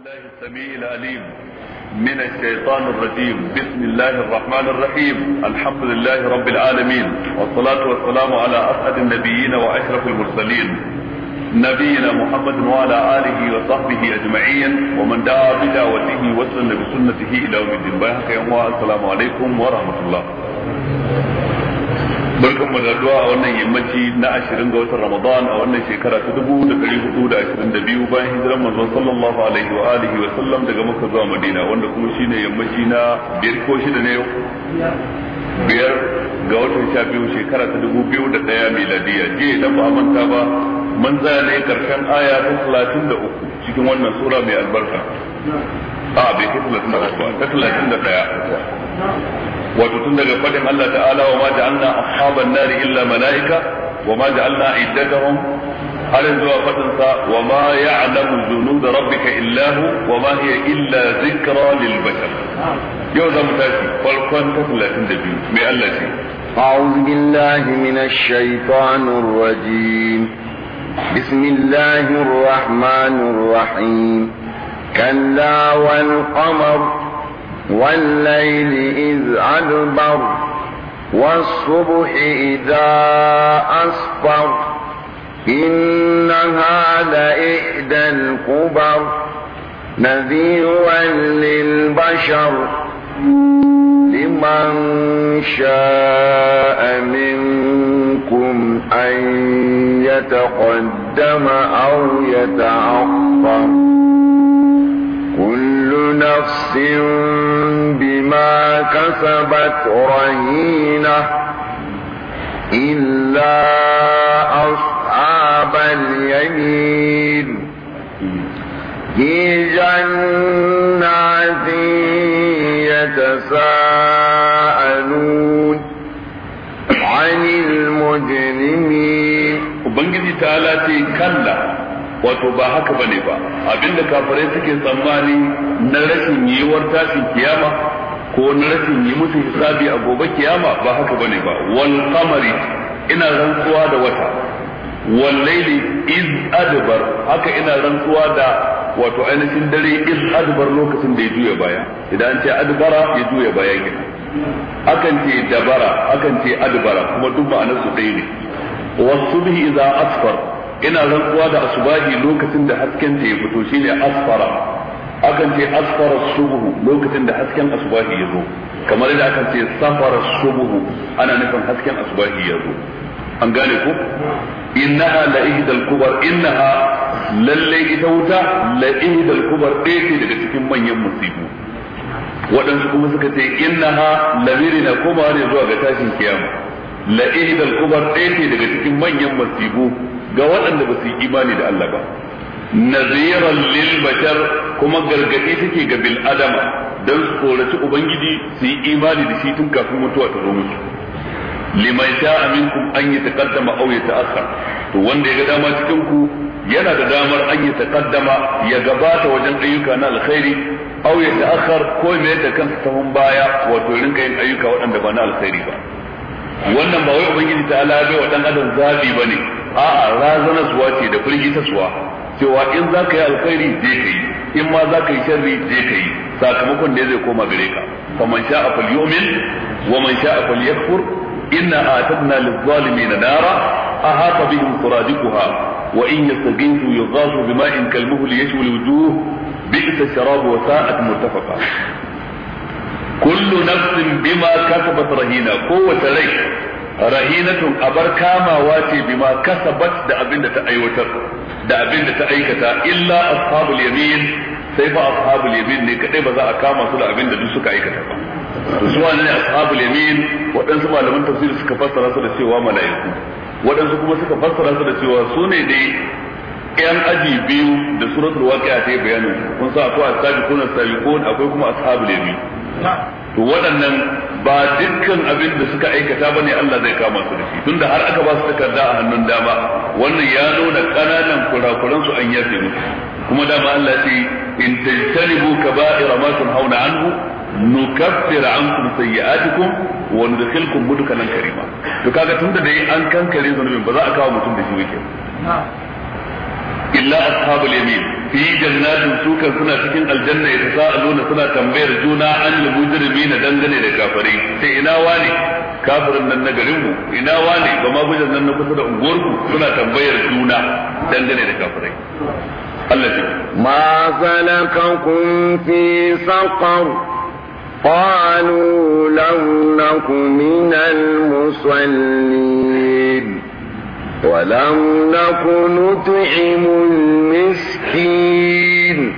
الله السميع العليم من الشيطان الرجيم بسم الله الرحمن الرحيم الحمد لله رب العالمين والصلاة والسلام على أسعد النبيين وأشرف المرسلين نبينا محمد وعلى آله وصحبه أجمعين ومن دعا بدعوته وسلم بسنته إلى يوم الدين السلام عليكم ورحمة الله barkan mu da a wannan yammaci na 20 ga watan Ramadan a wannan shekara ta 1422 bayan hijiran manzon sallallahu alaihi wa alihi wa sallam daga Makka zuwa Madina wanda kuma shine yammaci na biyar ko shida ne yau biyar ga watan sha biyu shekara ta 2001 miladiya je da ba manta ba mun tsaya ne karshen aya ta 33 cikin wannan sura mai albarka a bai kai 33 ba ta 31 wato tun daga fadin Allah ta'ala wa ma ja'alna ashaban nari illa malaika wa ma ja'alna iddatahum har zuwa fadin sa wa ma ya'lamu junud rabbika illa hu wa ma hiya illa zikra lil bashar yau za mu tashi farkon ta 32 mai Allah ce أعوذ بالله من الشيطان الرجيم بسم الله الرحمن الرحيم كلا والقمر والليل إذ أدبر والصبح إذا أسفر إنها لإحدى الكبر نذيرا للبشر لمن شاء منكم أن يتقدم أو يتأخر نفس بما كسبت رهينة إلا أصحاب اليمين في جنات يتساءلون عن المجرمين وبنجد تعالى كلا wato ba haka bane ba abinda kafirai suke tsammani na rashin yiwuwar tashin kiyama ko na rashin yi musu hisabi a gobe kiyama ba haka bane ba wal qamari ina rantsuwa da wata wal layli iz adbar haka ina rantsuwa da wato ainihin dare iz adbar lokacin da ya juya baya idan an ce adbara ya juya baya kenan akan ce dabara akan ce adbara kuma duk ma'anar su ɗaya ne wasubhi idza asfar ina rantsuwa da asubahi lokacin da hasken ta ya fito shine asfara akan ce asfara subuhu lokacin da hasken asubahi ya zo kamar da akan ce safara subuhu ana nufin hasken asubahi ya zo an gane ku innaha la ihdal kubar innaha lalle ita wuta la ihdal kubar ɗaya ce daga cikin manyan musibu waɗansu kuma suka ce innaha lamiri na koma ne zuwa ga tashin kiyama la ihdal kubar ɗaya ce daga cikin manyan musibu ga waɗanda ba su yi imani da Allah ba naziran lil bashar kuma gargadi take ga bil adama dan tsoraci ubangiji su yi imani da shi tun kafin mutuwa ta zo musu liman sha'a minkum an yataqaddama aw yata'akhkhar to wanda ya ga dama cikin ku yana da damar an yataqaddama ya gabata wajen ayyuka na alkhairi aw yata'akhkhar ko mai da kansa ta baya wato rinka yin ayyuka waɗanda ba na alkhairi ba wannan ba wai ubangiji ta ala bai wa dan adam zabi bane a'a suwa ce da firgitarsuwa cewa in za ka yi alkhairi je ka yi in ma za ka yi sharri je ka yi sakamakon da zai koma gare ka faman sha'a falyumin wa man sha'a falyakfur inna atadna lizzalimina nara ahata bihim suradiquha wa in yastaghithu yughathu bima'in kalmuhli yashwi alwujuh bi'sa sharabu wa sa'at murtafaqa kullu nafsin bima kasabat rahina kowace rai a bar kamawa ce bima kasabat da abin da ta aiwatar da abin da ta aikata illa ashabul yamin sai fa ashabul yamin ne kadai ba za a kama su da abin da duk aikata ba to su ne ashabul yamin waɗansu malaman suka fassara su da cewa mala'iku waɗansu kuma suka su da cewa su ne dai yan aji biyu da suratul waqi'a ta yi bayanin kun sa ko as-sabiqun as-sabiqun akwai kuma ashabul yamin to waɗannan ba dukkan abin da suka aikata ba ne Allah zai kama su da shi tunda har aka ba su takarda a hannun dama wannan ya nuna ƙananan kurakuran su an yafe musu kuma dama Allah ce in tajtanibu kaba'ira ma tunhauna anhu nukaffir ankum sayyi'atikum wa nudkhilkum mudkhalan karima to kaga tunda dai an kankare zunubin ba za a kawo mutum da shi wake illa ashabul yamin fi jannatin sukan suna cikin aljanna ya sa'aluna suna tambayar juna an mujrimina dangane da kafirai sai ina wane kafirin nan na garin mu ina wane ba ma gujan nan na kusa da unguwar ku suna tambayar juna dangane da kafirai Allah ya ma salakakum fi saqar قالوا لم نك من المصلين ولم نكن نطعم المسكين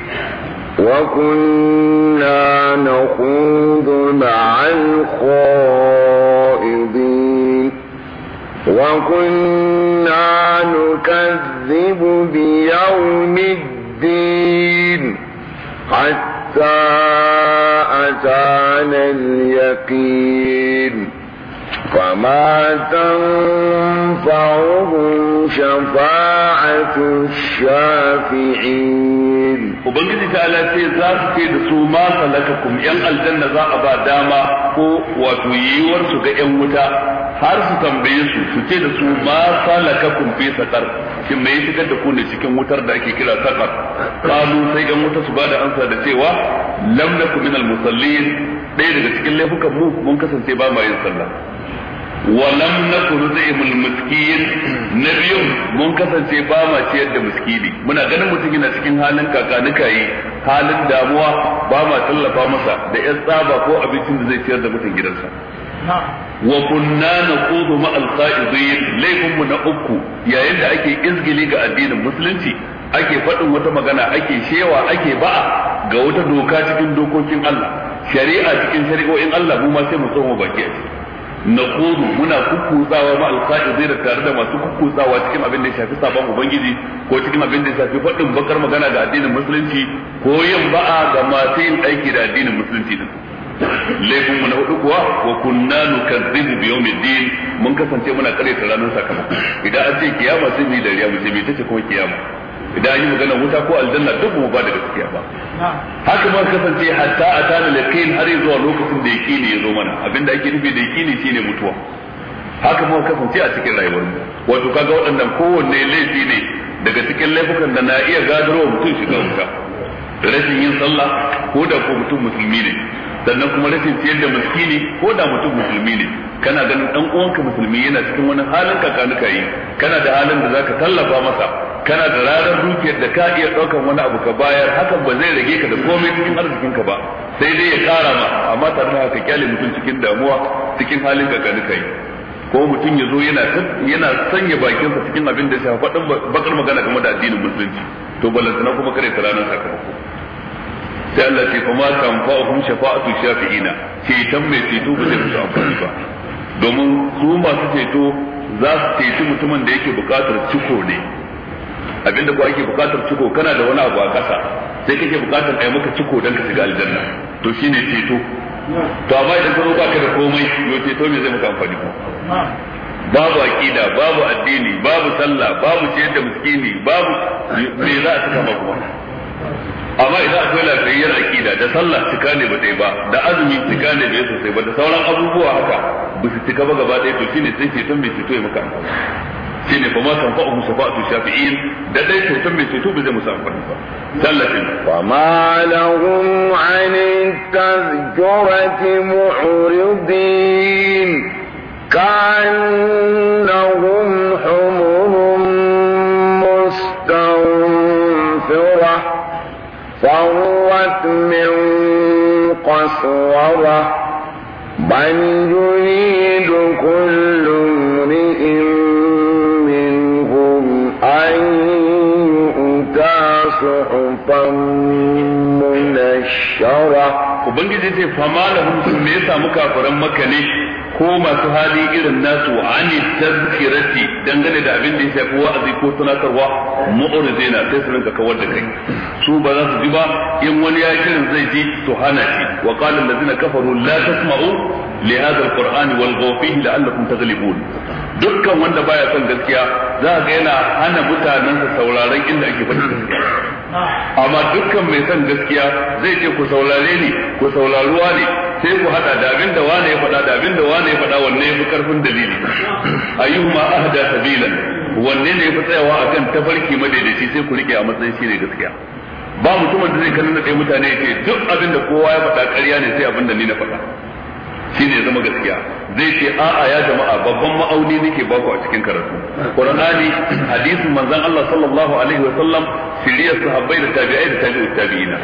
وكنا نخوض مع الخائضين وكنا نكذب بيوم الدين حتى أتانا اليقين فما تنفعهم شفاعة الشافعين وبنجد تعالى سي ذات في دسو ما سلككم ين الجنة ذا أبا داما كو وتيور سكا ين وتا har su tambaye su su ce da su ma da ku ne cikin wutar da ake kira sakar kalu sai yan wuta su ba da ansa da cewa lam nakum al musallin ɗaya daga cikin laifukan mu mun kasance ba ma yin sallah wa nakun nut'imul miskin na biyun mun kasance ba ma ciyar da miskini muna ganin mutum yana cikin halin kakanuka yi halin damuwa ba ma tallafa masa da yan tsaba ko abincin da zai ciyar da mutum gidansa wa kunna naqudu ma al-qa'idin na uku yayin da ake izgili ga addinin musulunci ake faɗin wata magana ake shewa ake ba'a ga wata doka cikin dokokin Allah shari'a cikin shari'o'in Allah mu ma sai mu tsoma baki a ciki نقول منا كوكوزاوا مع da tare da masu kukusawa cikin abin da ya shafi sabon ubangiji ko cikin abin da ya shafi faɗin bakar magana ga addinin musulunci ko yin ba'a ga masu yin aiki da addinin musulunci din laifin mu na hudu kuwa wa kunna nukazzibu bi yawmiddin mun kasance muna kare ta ranar sakamako idan an ce kiyama sai mu yi dariya mu ce me tace kuma kiyama idan yi magana wuta ko aljanna duk mu ba da gaskiya ba haka ma kasance hatta atana laqin har zuwa lokacin da yaqini ya zo mana abinda ake nufi da yaqini shine mutuwa haka ma kasance a cikin rayuwar mu wato kaga waɗannan kowanne laifi ne daga cikin laifukan da na iya gadarwa mutum shiga wuta rashin yin sallah ko da ko mutum musulmi ne sannan kuma rashin ciyar da miskini ko da mutum musulmi ne kana ganin dan uwanka musulmi yana cikin wani halin kakanuka yi kana da halin da zaka tallafa masa kana da ranar dukiyar da ka iya ɗaukar wani abu ka bayar hakan ba zai rage ka da komai cikin arzikin ka ba sai dai ya ƙara ma amma tare da haka kyale mutum cikin damuwa cikin halin ka gani kai ko mutum ya zo yana yana sanya bakinsa cikin abin da ya shafa faɗin bakar magana game da addinin musulunci to balantana kuma kare ta ranar sakamako sai Allah ce kuma tanfa'uhum shafa'atu shafi'ina tan mai ceto ba zai musu amfani ba domin su masu ceto za su ceci mutumin da yake bukatar ciko ne abinda ko ake bukatar ciko kana da wani abu a kasa sai kake bukatar ai maka ciko dan ka shiga aljanna to shine ceto to amma idan ka zo baka da komai yo ceto me zai maka amfani ko babu aqida babu addini babu sallah babu ce da miskini babu me za a saka maka amma idan akwai lafiyayyar aqida da sallah cika ne ba dai ba da azumi cika ne bai sosai ba da sauran abubuwa haka ba su cika ba gaba ɗaya to shine sai ceton mai ceto ya maka amfani shine ba ma tanfa'uhum shafa'atu shafi'in da dai to tun mai ceto bai zai musu amfani ba tallafin wa ma lahum an tazkurati mu'ridin kanahum humum مستنفرة فرت من قسورة بل يريد كل امرئ صحفا منشرة Ubangiji ce fama lahum sun me ya samu kafiran maka ne ko masu hali irin nasu ani tazkirati dangane da abin da ya shafi wa'azi ko tunatarwa mu'rizina sai su rinka kawar da kai su ba za su ji ba in wani ya kirin zai ji su hana shi wa zina allazina kafaru la tasma'u li hadha alqur'ani walghaw fihi la'allakum taghlibun dukkan wanda baya son gaskiya za ga yana hana mutanen sa sauraron inda ake faɗin gaskiya amma dukkan mai son gaskiya zai ce ku saurare ni ku sauraruwa ne sai ku hada da abin da wane ya faɗa da abin da wane ya faɗa wanne ya fi karfin dalili ayyuhuma ahda sabilan wanne ne ya fi tsayawa akan tafarki madaidaici sai ku rike a matsayin shi ne gaskiya ba mutumin da zai kallon da ɗaya mutane ya ce duk abin da kowa ya faɗa ƙarya ne sai abin da ni na faɗa shi ne zama gaskiya zai ce a'a ya jama'a babban ma'auni nake baku a cikin karatu qur'ani hadisin manzon Allah sallallahu alaihi wa sallam siriyar sahabbai da tabi'ai da tabi'ut tabi'ina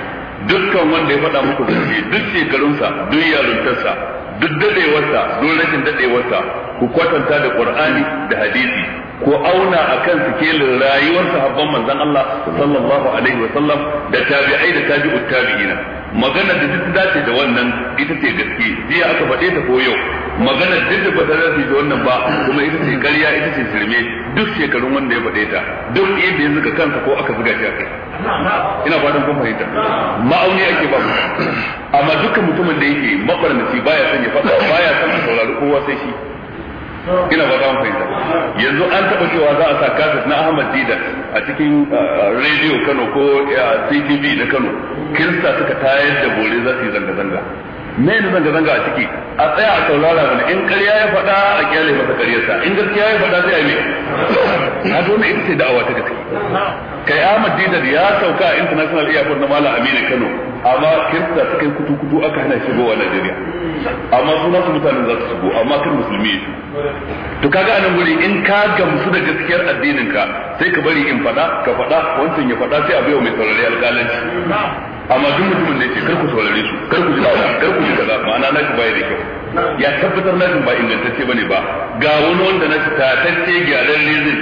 dukkan wanda ya faɗa muku gaske duk shekarunsa duk yaruntarsa duk daɗewarsa duk rashin dadewarsa ku kwatanta da qur'ani da hadisi ko auna akan sikelin rayuwar sahabban manzon Allah sallallahu alaihi wa sallam da tabi'ai da tabi'ut tabi'ina magana da duk dace da wannan ita ce gaske jiya aka faɗe ta ko yau magana duk ba ta zafi da wannan ba kuma ita ce ƙarya ita ce sirme duk shekarun wanda ya faɗe ta duk inda ya zuka kansa ko aka zuga shi a kai ina fatan kun fahimta ma'auni ake ba mu amma dukkan mutumin da yake mabarnaci baya son ya faɗa baya son ya saurari kowa sai shi ina ba an fahimta yanzu an taɓa cewa za a sa kasas na Ahmad Dida a cikin uh, rediyo Kano ko uh, CTV na Kano kirista suka tayar da bore za su yi zanga-zanga me ne zanga zanga a ciki a tsaya a saurara mana in ƙarya ya faɗa a kyale masa ƙaryarsa in gaskiya ya faɗa sai a yi na zo ita ce da'awa ta gaske kai Ahmad Dinar ya sauka a International Airport na Malam Aminu Kano amma kirista ta kai kutu-kutu aka hana a Najeriya amma suna nasu mutanen za su shigo amma kan musulmi ya to kaga anan guri in ka gamsu da gaskiyar addinin ka sai ka bari in faɗa ka faɗa wancan ya fada sai a baiwa mai saurari alƙalanci amma duk mutumin da yake kar ku saurare su kar ku ji kaza kar ku ji kaza ma'ana na shi baya da kyau ya tabbatar na ba ingantacce bane ba ga wani wanda na ta tatacce gyaran ne zai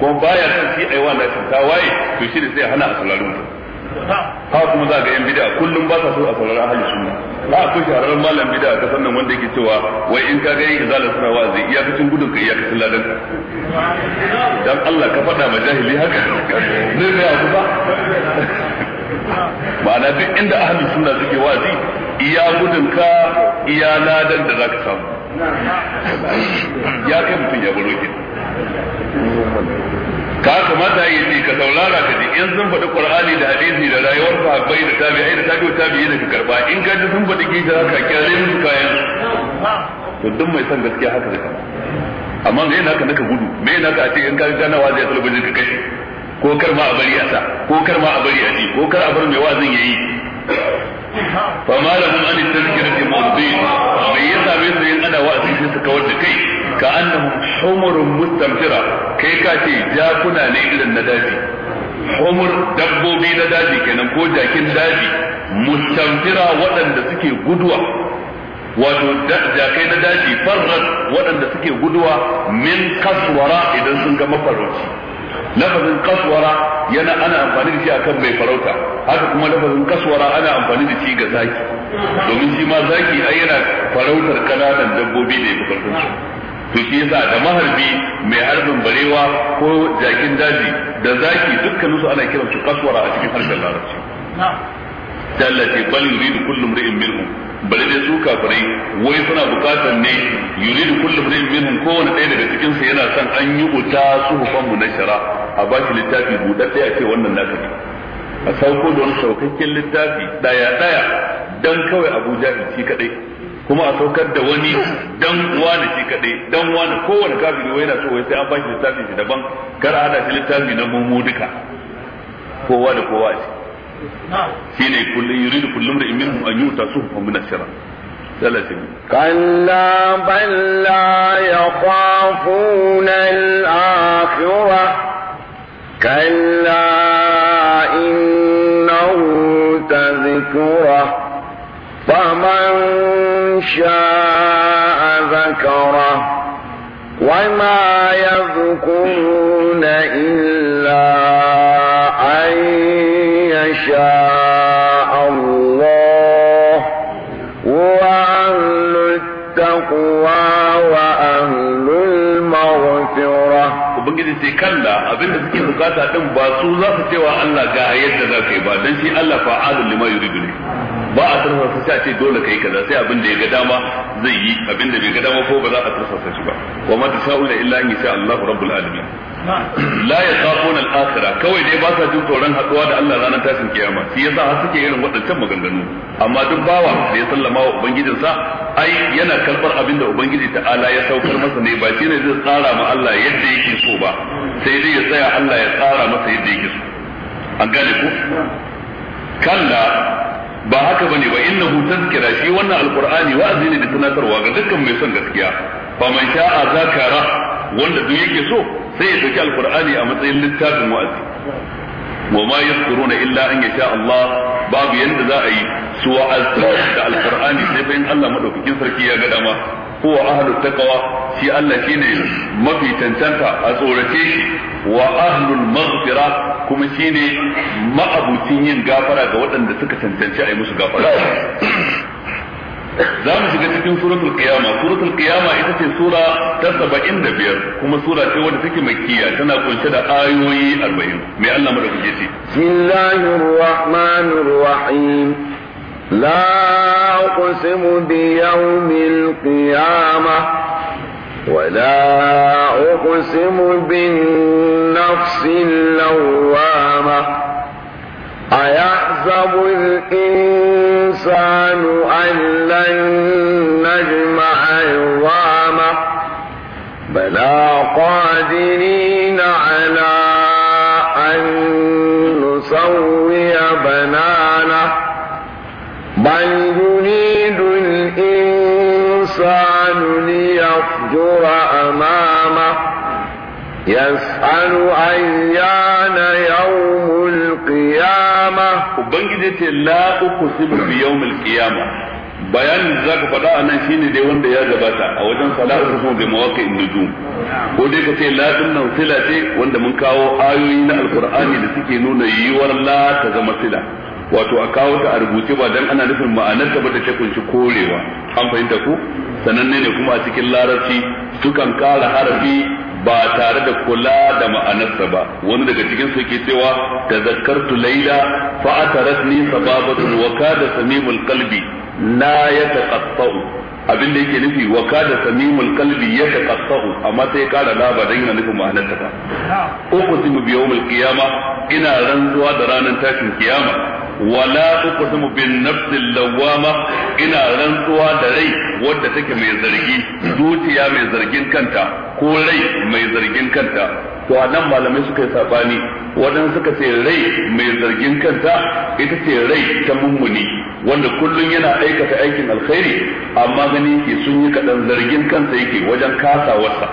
ko baya son shi aiwa na shi waye, to shi da sai hana a saurari mutum haka kuma za ga yan bid'a kullum ba sa so a saurari ahli sunna ba a kushe harar malam bid'a a kasan nan wanda yake cewa wai in ka ga yin izala suna wa'azi iyakacin gudun ka iyakacin ladan dan Allah ka faɗa ma jahili haka zai ga ku ba ma'ana duk inda ahli sunna suke wa'azi iya gudun ka iya ladan da ka samu ya kai mutum ya baro ki ka kamata yi ne ka saurara ka ji in sun faɗi qur'ani da hadisi da rayuwar sahabbai da tabi'ai da tabi'u tabi'i da karba in ka ji sun faɗi kisa haka kyale musu kayan to duk mai son gaskiya haka da kama amma me yana ka naka gudu me yana ka ce in ka gana wazi ya talabijin ka kai ko kar ma a bari a sa ko kar ma a bari a ji ko kar a bar mai wazin yayi fa ma lahum an tadhkirati mu'thin me yasa me sai ana wa'azi sai su kawar da kai ka annahum humurun mustamtira kai ka ce jakuna ne irin na daji humur dabbobi na daji kenan ko jakin daji mustamtira waɗanda suke guduwa wato jakai na daji farrat waɗanda suke guduwa min kaswara idan sun ga mafarauci lafazin kaswara yana ana amfani da shi akan mai farauta haka kuma lafazin kaswara ana amfani da shi ga zaki domin shi ma zaki ai yana farautar kananan dabbobi da ya fi su to shi yasa da maharbi mai harbin barewa ko jakin daji da zaki dukkanin su ana kiran su kaswara a cikin harshen larabci da Allah ce bal yuridu kullu mri'in minhum bari dai su kafirai wai suna bukatar ne yuridu kullu mri'in minhum kowane ɗaya daga cikin su yana son an yi uta suhufan shara, a ba shi littafi budadde a ce wannan naka ne a sauko da wani saukakken littafi ɗaya-ɗaya, dan kawai Abu Jahil shi kaɗai. kuma a saukar da wani dan wani shi kadai dan wani kowane kafiri wai yana so wai sai an bashi littafi shi daban kar a hada shi littafi na mummu duka kowa da kowa a shi ne kullum yuridu kullum da minhum an yuta suhufan min ashra كلا بل لا al-akhira كلا innahu tazkura فمن شاء ذكره وما يذكرون إلا أن يشاء الله وأهل التقوى وأهل المغفرة Ubangiji ce kalla abinda suke bukata din ba su za su cewa Allah ga yadda za ba dan shi Allah fa'alul lima yuridu ne ba a turfasa sai a ce dole kai kaza sai abin da ya ga dama zai yi abin da bai ga dama ko ba za a turfasa shi ba wa ma tashauna illa an yasha Allah rabbul alamin la yaqafuna al-akhirah kawai dai ba sa jin tsoron haduwa da Allah ranar tashin kiyama shi yasa har suke irin waɗancan maganganu amma duk bawa da ya sallama wa sa, ai yana karbar abin da ubangiji ta'ala ya saukar masa ne ba shi ne zai tsara ma Allah yadda yake so ba sai dai ya tsaya Allah ya tsara masa yadda yake so an gane ku kalla ba haka bane ba innahu tazkira shi wannan alqur'ani wa'azi ne da tunatarwa ga dukkan mai son gaskiya fa man sha'a zakara wanda duk yake so sai ya dauki alqur'ani a matsayin littafin wa'azi wa ma na illa an yasha Allah babu yanda za a yi su wa'azi da alqur'ani sai bayan Allah madaukakin sarki ya ga dama huwa ahlut taqwa shi Allah shine mafi tantanta a tsorace shi wa ahlul maghfira kuma shine ma'abucin yin gafara ga waɗanda suka tantance a yi musu gafara za mu shiga cikin suratul qiyama suratul qiyama ita ce sura ta 75 kuma sura ce wadda take makkiya tana kunshe da ayoyi 40 mai Allah لا أقسم بيوم القيامة ولا أقسم بالنفس اللوامة أيحسب الإنسان أن لن نجمع عظامة بلى قادرين على أن نسوي الأحجر أمامه يسأل أيان يوم القيامة وبنجدة لا أقسم بيوم القيامة bayanin da zaka faɗa a nan shine dai wanda ya gabata a wajen salatu kusa da mawaka nujum ko dai kace la dinnan sila ce wanda mun kawo ayoyi na alqur'ani da suke nuna yiwuwar la ta zama sila wato a kawo ta a rubuce ba dan ana nufin ma'anar ta ba ta kunshi korewa an fahimta ko sananne ne kuma a cikin larabci sukan ƙara harafi ba tare da kula da ma'anarsa ba wani daga cikin su ke cewa tazakkartu laila fa'atarat ni sababatun wa kada samimul qalbi la yataqatta'u abin da yake nufi wa kada samimul qalbi yataqassahu amma sai ya la laba dan yana nufin ma'anar ta ba zimu bi yawmil qiyama ina rantsuwa da ranar tashin kiyama wala zimu bin nafsil lawama ina rantsuwa da rai wadda take mai zargi zuciya mai zargin kanta ko rai mai zargin kanta to a nan malamai suka yi sabani waɗansu suka ce rai mai zargin kanta ita ce rai ta mummuni wanda kullum yana aikata aikin alkhairi amma gani yake sun yi kaɗan zargin kansa yake wajen kasawarsa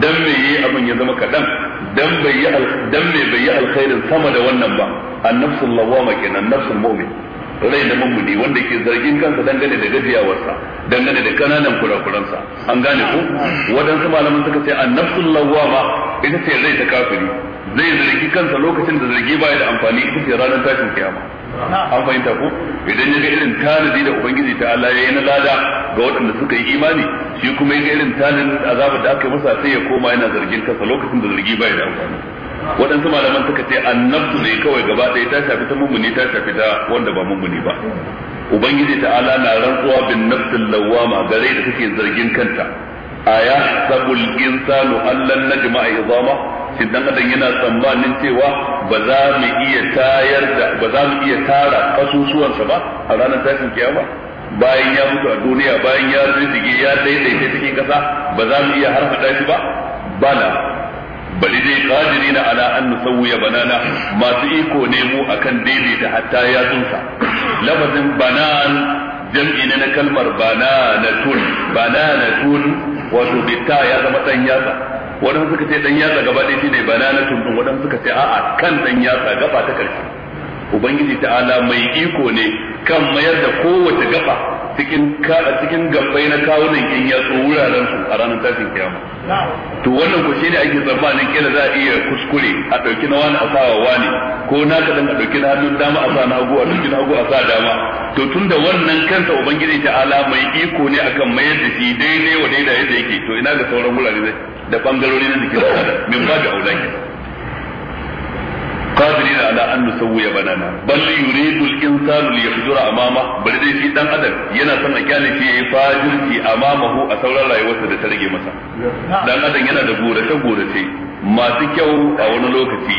dan me yi abin ya zama kaɗan dan bai yi dan me bai yi alkhairin sama da wannan ba annafsul lawama kenan nafsul mu'min rai na mamudi wanda ke zargin kansa dangane da gajiyawarsa dangane da kananan kurakuransa an gane ko waɗansu malaman suka ce annafsul lawwama ita ce rai ta kafiri zai zargi kansa lokacin da zargi baya da amfani ita ce ranar tashin kiyama an fahimta ko idan ya ga irin tanadi da ubangiji ta Allah ya na lada ga waɗanda suka yi imani shi kuma ya ga irin tanadin azabar da aka yi masa sai ya koma yana zargin kansa lokacin da zargi baya da amfani waɗansu malaman suka ce annabtu ne kawai gaba ɗaya ta shafi ta mummuni ta shafi ta wanda ba mummuni ba ubangiji ta'ala na rantsuwa bin nafsin lawama gare da take zargin kanta aya sabul insanu allan najma'a izama shin dan adam yana tsammanin cewa ba za mu iya tayar da ba za mu iya tara kasusuwansa ba a ranar tashin kiyama bayan ya mutu a duniya bayan ya ya daidaita cikin kasa ba za mu iya harhaɗa shi ba bala bali dai na ala an nusawwiya banana masu iko ne mu akan daidaita hatta ya tsunsa lafazin banan jam'i ne na kalmar banana tun banana tun wato bitta ya zama dan yatsa wadan suka ce dan yatsa gaba ɗaya shine tun din wadan suka ce a'a kan dan yatsa gaba ta karshe ubangiji ta'ala mai iko ne kan mayar da kowace gaba cikin cikin gabbai na kawunan in ya so wuraren su a ranar tashin kiyama to wannan ku shine ake tsammanin kila za a iya kuskure a dauki na wani a sa wani ko na ka a dauki na hannun dama a sa na hagu a dauki na hagu a sa dama to tun da wannan kansa ubangiji ta'ala mai iko ne akan mayar da shi daidai wa daidai yadda yake to ina ga sauran wurare da bangarori na jikin min ba da aulaki qadirina na an wuya banana bal yuridu al-insanu li yahjura amama bari dai shi dan adam yana son a kyale shi yayi fajirki amamahu a sauran rayuwarsa da ta rage masa dan adam yana da gorace gorace masu kyau a wani lokaci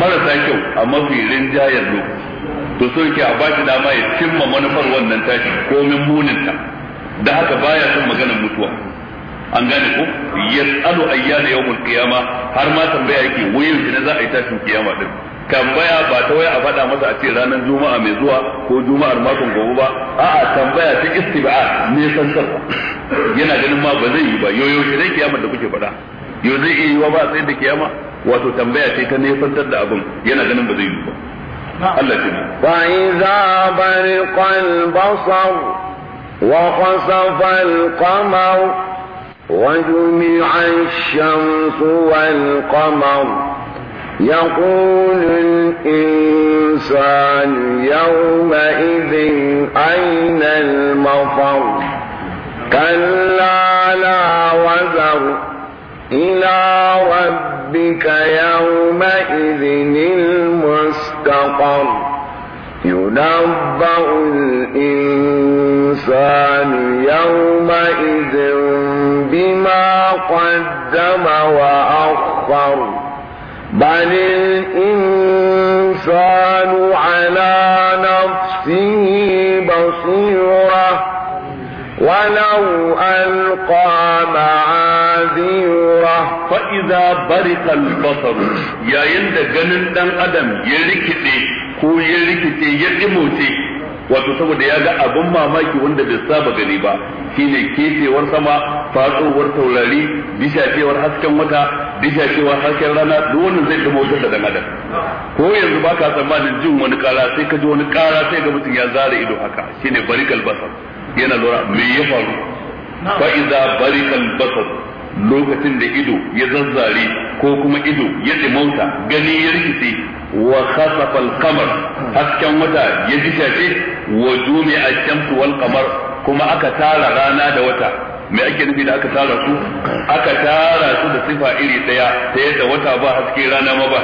marasa kyau a mafi rinjayar lokaci to so a bashi dama ya cimma manufar wannan tashi komin muninta da haka baya son maganar mutuwa an gane ko yas'alu ayyana yawmul qiyama har ma tambaya yake wayin shi ne za a yi tashin kiyama din tambaya ba ta waya a faɗa masa a ce ranar juma'a mai zuwa ko juma'ar makon gobe ba a'a tambaya ta istiba'a ne san yana ganin ma ba zai yi ba yoyo shi zai kiyama da kuke faɗa yo zai iya wa ba sai da kiyama wato tambaya ce ta nesantar da abin yana ganin ba zai yi ba Allah ce ba iza bariqal basar wa khasafa al qamar وجمع الشمس والقمر يقول الإنسان يومئذ أين المفر كلا لا وزر إلى ربك يومئذ المستقر ينبأ الإنسان يومئذ بما قدم وأخر بل الإنسان على نفسه بصيرة ولو ألقى معاذيره فإذا برق البصر يا يند جنن أدم يلكدي ko ya rikice ya dimote wato saboda ya ga abin mamaki wanda bai saba gani ba shine kefewar sama fatsowar taurari cewar hasken wata cewar hasken rana duk wannan zai dimotar da dan adam ko yanzu baka tsammanin jin wani kara sai ka ji wani kara sai ga mutum ya zara ido haka shine barikal basar yana lura me ya faru fa iza barikal basar lokacin da ido ya zazzare ko kuma ido ya dimauta gani ya rikice wa khasafa al-qamar hasken wata ya jishace wa jumi'a ash-shamsu wal qamar kuma aka tara rana da wata me ake nufi da aka tara su aka tara su da sifa iri daya ta yadda wata ba haske rana ma ba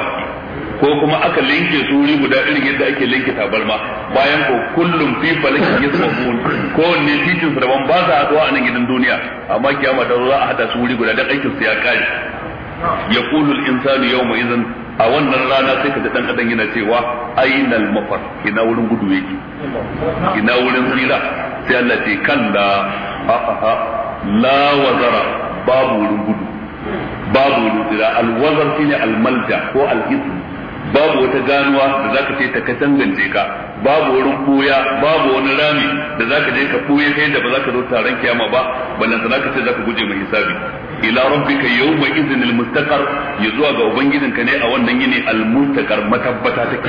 ko kuma aka linke su wuri guda irin yadda ake linke tabarma bayan ko kullum fi falakin yasmaun ko wanne titin su daban ba sa haɗuwa a nan gidan duniya amma kiyama da za a hada su wuri guda dan aikin su ya kare yaqulu al-insanu yawma idhan a wannan rana sai ka dan adam yana cewa ainal mafar ina wurin gudu yake ina wurin tsira sai Allah ce kalla a a la wazara babu wurin gudu babu wurin tsira al-wazar shine al-malja ko al-hisn babu wata ganuwa da zaka ce ta ka tangance ka babu wurin koya babu wani rami da zaka je ka buye kai da ba zaka zo taron kiyama ba ballan da zaka ce zaka guje mai hisabi ila rabbika yawma idhin almustaqar zuwa ga ka ne a wannan yini almustaqar matabbata take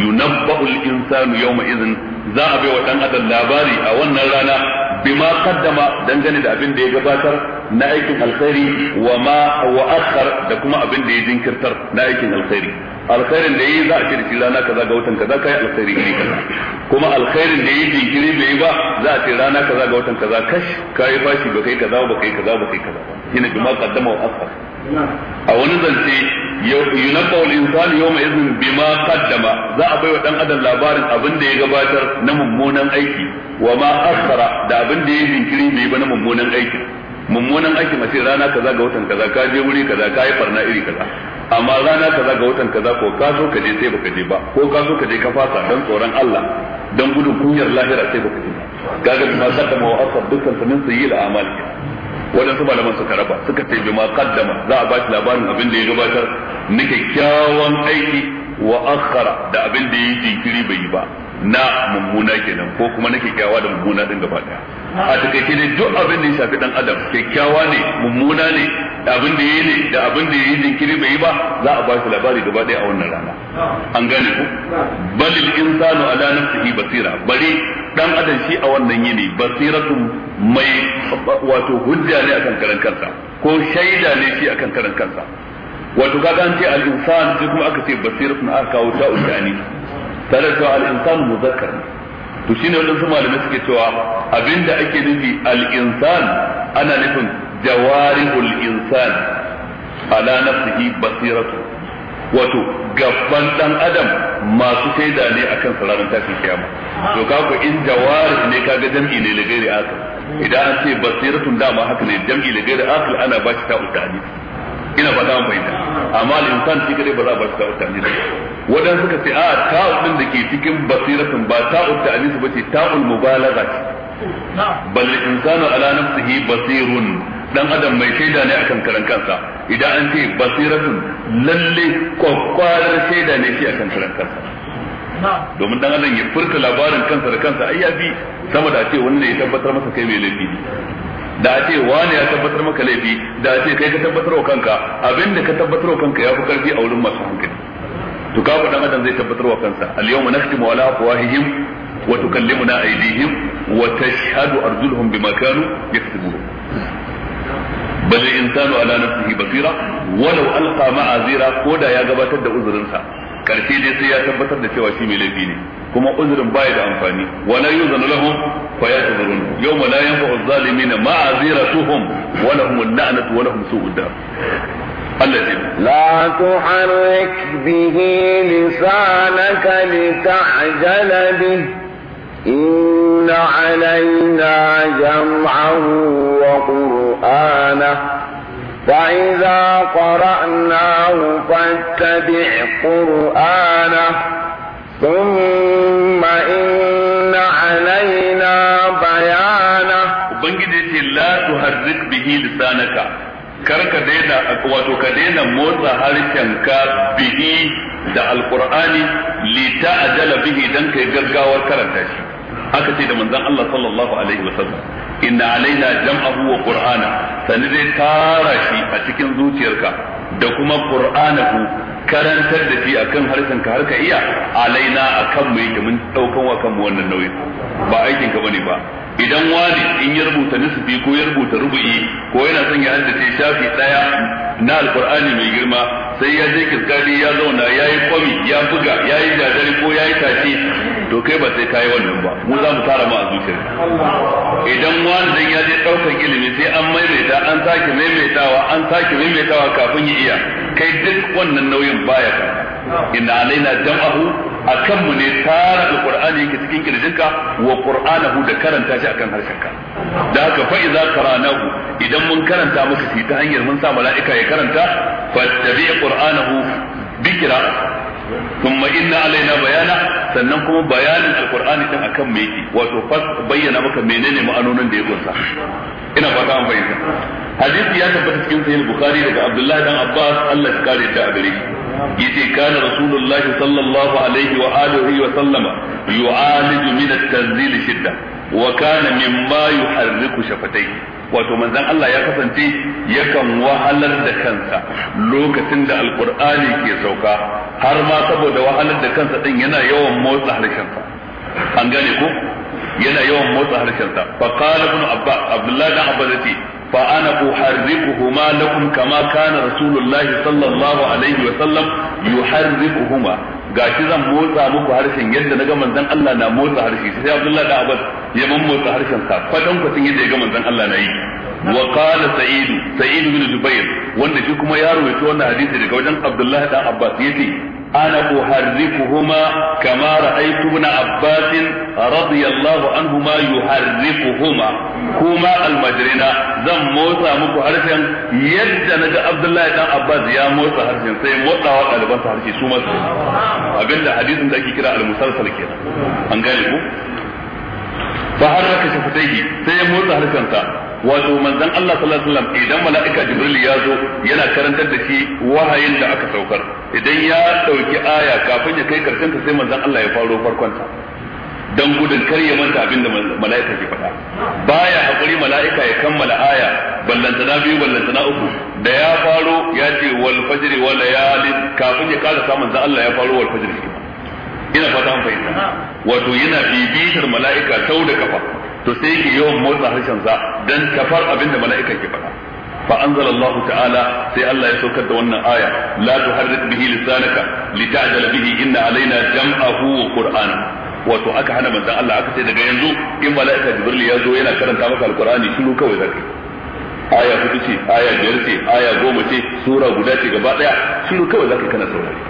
yunabba alinsanu yawma idhin za a bai wa dan adam labari a wannan rana bima kaddama dangane da abin da ya gabatar na aikin alkhairi wa ma wa akhar da kuma abin da ya jinkirtar na aikin alkhairi alkhairin da yayi za a ce da rana kaza ga watan kaza kai alkhairi ne kaza kuma alkhairin da yayi jinkiri bai ba za a ce rana kaza ga watan kaza kash kai fashi ba kai kaza ba kai kaza ba kai kaza Ina bima kaddama wa akhar a wani zance yunabba wal insanu yawma izin bima qaddama za a baiwa dan adam labarin abin da ya gabatar na mummunan aiki wa ma akhara da abin da ya jinkiri mai ba na mummunan aiki mummunan aiki mace rana kaza ga watan kaza ka je wuri kaza ka yi farna iri kaza amma rana kaza ga watan kaza ko ka zo ka je sai baka je ba ko ka zo ka je ka fasa dan tsoron Allah dan gudun kunyar lahira sai baka je ba kaga ma saddama wa asab dukkan sanin sayyi al amali Wajen waɗansu malaman suka raba suka ce bi ma kaddama za a ba labarin abin da ya gabatar na kyakkyawan aiki wa akhara da abin da ya jinkiri bai yi ba na mummuna kenan ko kuma na kyakkyawa da mummuna din gaba daya a takaice ne duk abin da ya shafi dan adam kyakkyawa ne mummuna ne da abin da ya yi ne da abin da ya yi jinkiri bai yi ba za a ba labari gaba daya a wannan rana an gane ku balil insanu ala nafsihi basira bari. dan adam shi a wannan yini basiratu mai wato hujja ne akan karan kansa ko shaida ne shi akan karan kansa wato kaga an ce al insan sai kuma aka ce basiratun aka kawo ta udani tare da al insan muzakkar to shine wannan su malamai suke cewa abinda ake nufi al insan ana nufin jawarihul insan ala nafsihi basiratu wato gaban dan adam masu shaida ne akan sararin ranar tashin kiyama to ku in jawaris ne kaga jam'i ne da gairi akal idan an ce basiratun dama haka ne jam'i da gairi akal ana ba shi ta utani ina ba za mu fahimta amma al-insan shi kadai ba za a ba shi utani ba wadan suka ce a ta'u din da ke cikin basiratun ba ta'u su ba ce ta'ul mubalagha ce bal insanu ala nafsihi basirun dan adam mai shaida ne akan karan kansa idan an ce basiratun lalle kwakwarar shaida ne shi akan karan kansa domin dan adam ya furta labarin kansa da kansa ai yafi sama da ce wanda ya tabbatar masa kai mai laifi da ce wani ya tabbatar maka laifi da ce kai ka tabbatar wa kanka abinda ka tabbatar wa kanka yafi karfi a wurin masu hankali to ka dan adam zai tabbatar wa kansa al yawma nakhtimu ala afwahihim wa tukallimuna aydihim wa tashhadu arjuluhum bima kanu yaktubun bal insanu ala nafsihi basira walau alqa ma'azira ko da ya gabatar da uzurinsa karshe dai sai ya tabbatar da cewa shi mai laifi ne kuma uzurin baya da amfani wala yuzanu lahum fa yatazurun yawma la yanfa'u adh-dhalimina ma'aziratuhum wa lahum an-na'natu wa lahum su'ud الذي لا تحرك به لسانك لتعجل به إن علينا جمعه وقرآنه فإذا قرأناه فاتبع قرآنه ثم إن علينا بيانه بنجد لا تهرك به لسانك kar ka daina wato ka daina motsa harshen ka bihi da alqur'ani li ta'jala bihi dan kai gaggawar karanta shi aka ce da manzon Allah sallallahu alaihi wasallam inna alaina jam'ahu wa qur'ana sani zai tara shi a cikin zuciyarka da kuma qur'anahu karantar da shi akan harkan ka harka iya alaina akan mu yake mun daukan wa kanmu wannan nauyi ba aikin ka bane ba idan wani in ya rubuta nisbi ko ya rubuta rubu'i ko yana son ya haddace shafi daya na alqur'ani mai girma sai ya je kirkari ya zauna ya yi kwami ya buga ya yi jajari ko ya yi tashi to kai ba sai kayi wannan ba mu za mu tara mu a zuciyar idan wani ya je ɗaukar ilimi sai an maimaita an sake maimaitawa an sake maimaitawa kafin ya iya kai duk wannan nauyin baya ka na alaina jam'ahu a kanmu ne tara qur'ani yake cikin kirjinka wa qur'anahu da karanta shi akan harshenka da haka fa idza qara'nahu idan mun karanta maka shi ta hanyar mun sa mala'ika ya karanta fattabi qur'anahu bikira kuma inna alaina bayana sannan kuma bayanin alqur'ani din akan me yake wato fas bayyana maka menene ma'anonin da ya kunsa ina fata an bayyana hadisi ya tabbata cikin sahih bukhari daga abdullahi dan abbas Allah ya kare ta a gare shi yace kana rasulullahi sallallahu alaihi wa alihi wa sallama yu'aliju min at-tanzil shidda wa kana mimma yuharriku shafatayhi wato manzon Allah ya kasance yakan wahalar da kansa lokacin da alkur'ani ke sauka har ma saboda wahalar da kansa din yana yawan motsa harshensa an gane ko yana yawan motsa harshensa fa qala ibn abba abdullahi da abba zati fa ana uharrikuhuma lakum kama kana rasulullahi sallallahu alaihi wa sallam yuharrikuhuma gashi zan motsa muku harshen yadda na ga manzon Allah na motsa harshe sai Abdullah da Abbas ya man motsa harshen sa kwatan kwatin yadda ya gama manzon Allah na yi wa qala sa'id sa'id bin jubair wanda shi kuma ya rawaito wannan hadisi daga wajen Abdullah da Abbas yace أنا أحركهما كما رأيت ابن عباس رضي الله عنهما يحركهما كما المجرين زم موسى مكو حرفا يد نجا عبد الله بن عباس يا موسى حرفا سي موسى وقالبان حرفي سوما أبدا حديث ذاك كرا المسلسل كده أنقالبو فحرك شفتيه سي موسى حرفا wato manzon Allah sallallahu alaihi wasallam idan mala'ika jibril ya zo yana karantar da shi wahayin da aka saukar idan ya dauki aya kafin ya kai karshen ta sai manzon Allah ya faro farkon ta dan gudun kar ya manta abinda da mala'ika ke faɗa baya hakuri mala'ika ya kammala aya ballanta na biyu ballanta na uku da ya faro ya ce wal fajri wa layalin kafin ya kara samun da Allah ya faro wal fajri ina fata an fahimta wato yana bibitar mala'ika sau da kafa to sai yake yawan motsa harshen sa dan kafar abinda mala'ika ke faɗa fa anzalallahu ta'ala sai Allah ya saukar da wannan aya la tuharrik bihi lisanaka litajala bihi inna alaina jam'ahu wa qur'ana wato aka hana manzon Allah aka ce daga yanzu in mala'ika jibril ya zo yana karanta maka alqur'ani shiru kawai zakai aya hudu ce aya biyar ce aya goma ce sura guda ce gaba daya shiru kawai zakai kana saurari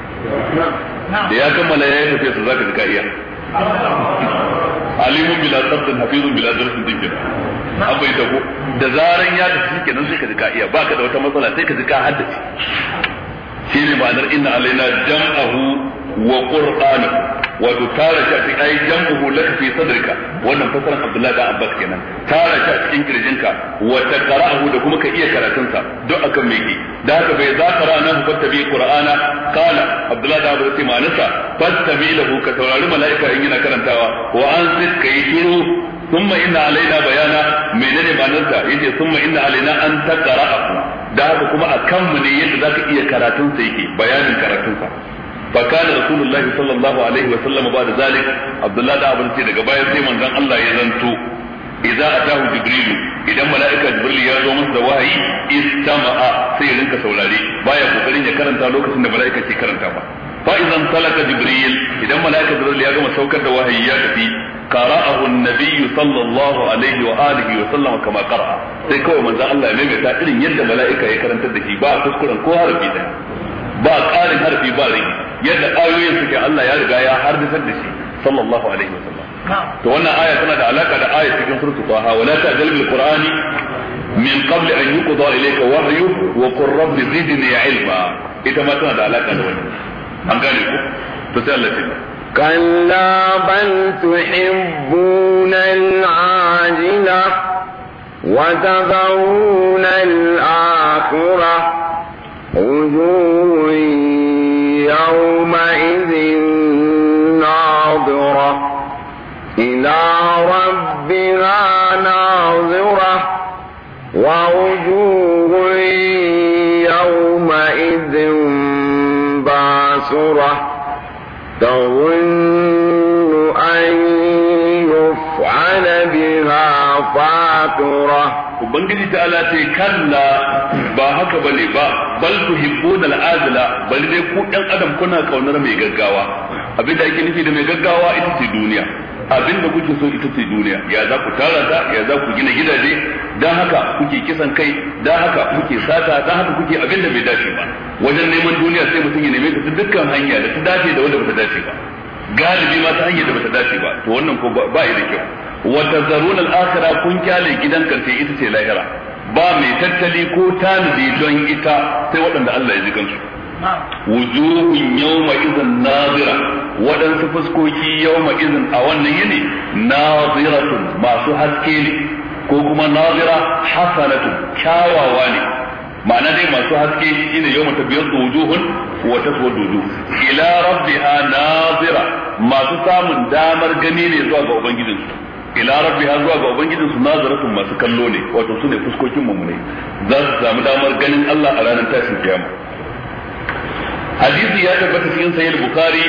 da ya kammala ya yi tafiya su zaka ji ka iya alimun bila sabdin hafizun bila zarfin zikir abai da da zaran ya tafi kenan sai ka ji ka iya baka da wata matsala sai ka ji ka haddace shi ne ma'anar inna alaina jam'ahu wa qur'ani wato tara shi a cikin ayi jam'uhu laka fi sadrika wannan fasaran Abdullahi da Abbas kenan tara shi a cikin kirjinka wa taqra'ahu da kuma ka iya karatun sa duk akan me ke da haka bai za ka rana mu fattabi qur'ana qala Abdullahi da ce ka taurari mala'ika in karantawa ثم إن علينا بيانا منين معناتها يجي ثم إن علينا أن تقرأه da haka kuma a kanmu ne yadda za ka iya yake bayanin karatunsa فكان رسول الله صلى الله عليه وسلم بعد ذلك عبد الله دا ابن سي daga bayan sai manzon Allah ya zanto idza atahu jibril idan malaika jibril ya zo masa da wahayi istama'a sai ya rinka saurare baya kokarin ya karanta lokacin da malaika ke karanta ba fa idan talaka jibril idan malaika jibril ya gama saukar da wahayi ya tafi قرأه النبي صلى الله عليه وآله وسلم كما قرأ sai kawai manzon Allah ya maimaita irin yadda mala'ika ya karantar da shi ba kuskuren ko harafi ɗaya ba ƙarin harfi ba rigi yadda ayoyin suke Allah ya riga ya harfisar da shi sallallahu alaihi wasallam to wannan aya tana da alaka da aya cikin suratul taha wala ta'jal bil qur'ani min qabl an yuqda ilayka wahyu wa qur rabbi zidni ilma ita ma tana da alaka da wannan an gane ku to sai Allah ya كلا بل تحبون العاجلة وتذرون الآخرة وجوه يومئذ ناظرة إلى ربها ناظرة ووجوه يومئذ باسرة تظن أن يفعل بها فاقرة ubangiji ta ala sai kalla ba haka bane ba bal da al'adila bal dai ku dan adam kuna kaunar mai gaggawa abinda ake nufi da mai gaggawa ita ce duniya abinda kuke so ita ce duniya ya za ku tara ta ya za ku gina gidaje dan haka kuke kisan kai dan haka kuke sata dan haka kuke abinda bai dace ba wajen neman duniya sai mutum ya neme ta ta dukkan hanya da ta dace da wanda ba dace ba galibi ma ta hanya da bata dace ba to wannan ko ba ya da kyau Wata tazarun al kun kyale gidan karshe ita ce lahira ba mai tattali ko tanadi don ita sai waɗanda Allah ya ji kansu wujuhun yawma izin nazira waɗansu fuskoki yawma izin a wannan yini naziratun masu haske ne ko kuma nazira hasanatun kyawawa ne ma'ana dai masu haske shine yawma tabyaddu wujuhun wa taswaddu wujuh ila rabbi rabbiha nazira masu samun damar gani ne zuwa ga ubangijinsu ila rabbiha zuwa ga ubangijin su nazaratun masu kallo ne wato su ne fuskokin mu ne za su samu damar ganin Allah a ranar tashin kiyama hadisi ya tabbata cikin sahih bukhari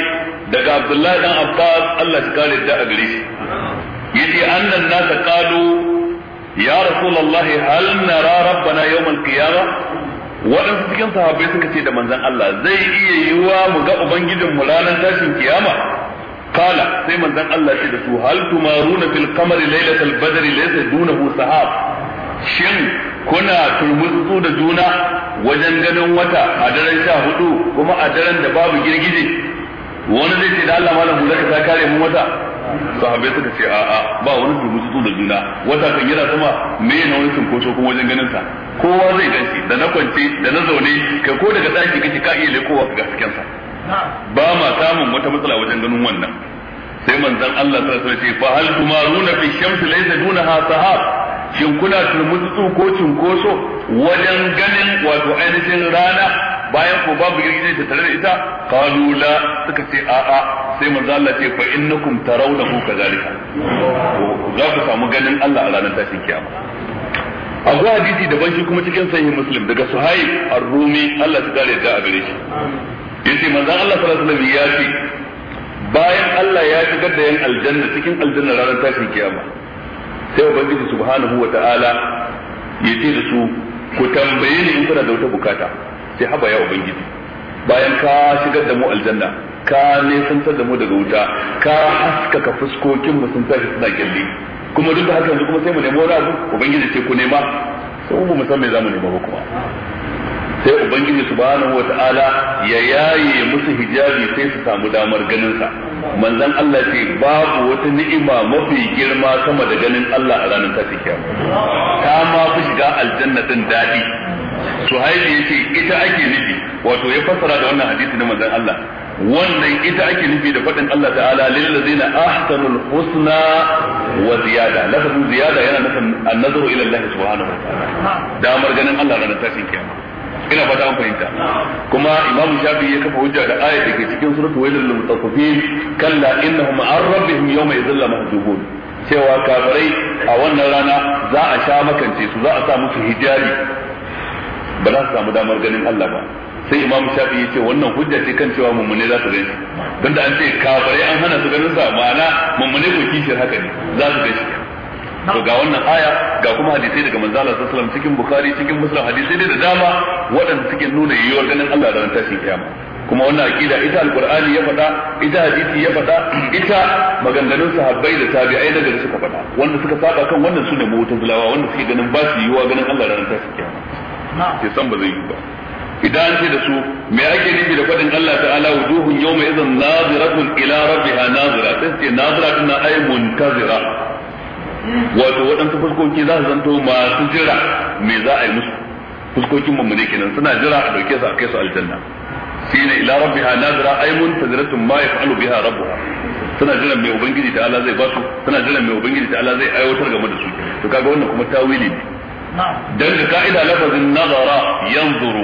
daga abdullahi dan abbas Allah ya kare da a gare shi yace annan nasa qalu ya rasulullah hal nara rabbana yawm qiyamah waɗansu cikin sahabbai suka ce da manzon Allah zai iya yiwuwa mu ga ubangijin mu ranar tashin kiyama kala sai manzon Allah ce da su hal tumaruna fil qamari lailatul badri laysa dunahu sahab shin kuna turmutsu da juna wajen ganin wata a daren sha hudu kuma a daren da babu girgije wani zai ce da Allah malam hulaka ta kare mu wata sahabbai suka ce a'a ba wani turmutsu da juna wata kan yana sama me na wani cinkoso kuma wajen ganin sa kowa zai ganshi da na kwance da na zaune kai ko daga daki kake ka iya lekowa ga hasken sa ba ma samun wata matsala wajen ganin wannan sai manzon Allah sallallahu alaihi wasallam ce fa hal tumaruna fi shamsi laysa dunaha sahab shin kuna turmutsu ko cinkoso wajen ganin wato ainihin rana bayan ko babu girgije ta tare da ita qalu la suka ce a a sai manzo Allah ce fa innakum tarawnahu kadhalika za ku samu ganin Allah a ranar tashin kiyama abu hadisi daban shi kuma cikin sahih muslim daga suhaib ar-rumi Allah ta kare da a gare shi yace manzon Allah sallallahu alaihi wasallam ya ce bayan Allah ya shigar da yan aljanna cikin aljanna ranar tashin kiyama sai ubangiji subhanahu wa ta'ala ya ce da su ku tambaye ni in kuna da wata bukata sai haba ya ubangiji bayan ka shigar da mu aljanna ka nesantar da mu daga wuta ka haskaka fuskokin mu sun tashi suna kyalle kuma duk da haka yanzu kuma sai mu nemi wani abu ubangiji ce ku nema sai mu san me zamu nema ba kuma sai ubangiji subhanahu wataala ya yaye musu hijabi sai su samu damar ganin sa manzon Allah ce babu wata ni'ima mafi girma sama da ganin Allah a ranar ta kiyama ta ma fi shiga aljanna din dadi suhaili yace ita ake nufi wato ya fassara da wannan hadisi na manzon Allah wannan ita ake nufi da faɗin Allah ta'ala lillazina ahsanul husna wa ziyada lafazin ziyada yana nufin nazaru ila Allah subhanahu wa ta'ala damar ganin Allah ranar tashin kiyama ina fata an fahimta kuma imamu shafi ya kafa hujja da ayat da ke cikin suratul wailul lil mutaffifin kalla innahum an rabbihim yawma yadhillu mahjubun cewa kafirai a wannan rana za a sha makance su za a sa musu hijabi ba za su samu damar ganin Allah ba sai imamu shafi ya ce wannan hujja ce kan cewa mummune za su gan don da an ce kafirai an hana su ganin sa ma'ana mummune ko kishir haka ne za su gan to ga wannan aya ga kuma hadisai daga manzo Allah sallallahu alaihi cikin bukhari cikin muslim hadisai ne da dama waɗanda suke nuna yiwuwar ganin Allah da ran tashin kiyama kuma wannan aqida ita alqur'ani ya faɗa ita hadisi ya faɗa ita maganganun sahabbai da tabi'ai daga suka faɗa wanda suka saba kan wannan sune zulawa, wanda suke ganin ba su yiwuwa ganin Allah da ran tashin kiyama na'am sai san ba zai yi ba idan an ce da su me ake nufi da faɗin Allah ta'ala wujuhun yawma idhan naziratun ila rabbiha nazira sai ce nazira tana ay muntazira wato waɗansu fuskoki za su zanto masu jira me za a yi musu fuskokin mu ne kenan suna jira a dauke su a kai su aljanna shine ila rabbiha nadira ay muntadiratun ma yaf'alu biha rabbuha suna jiran mai ubangiji da Allah zai ba su suna jiran mai ubangiji da Allah zai aiwatar game da su to kaga wannan kuma tawili ne dan da ka'ida lafazin nazara yanzuru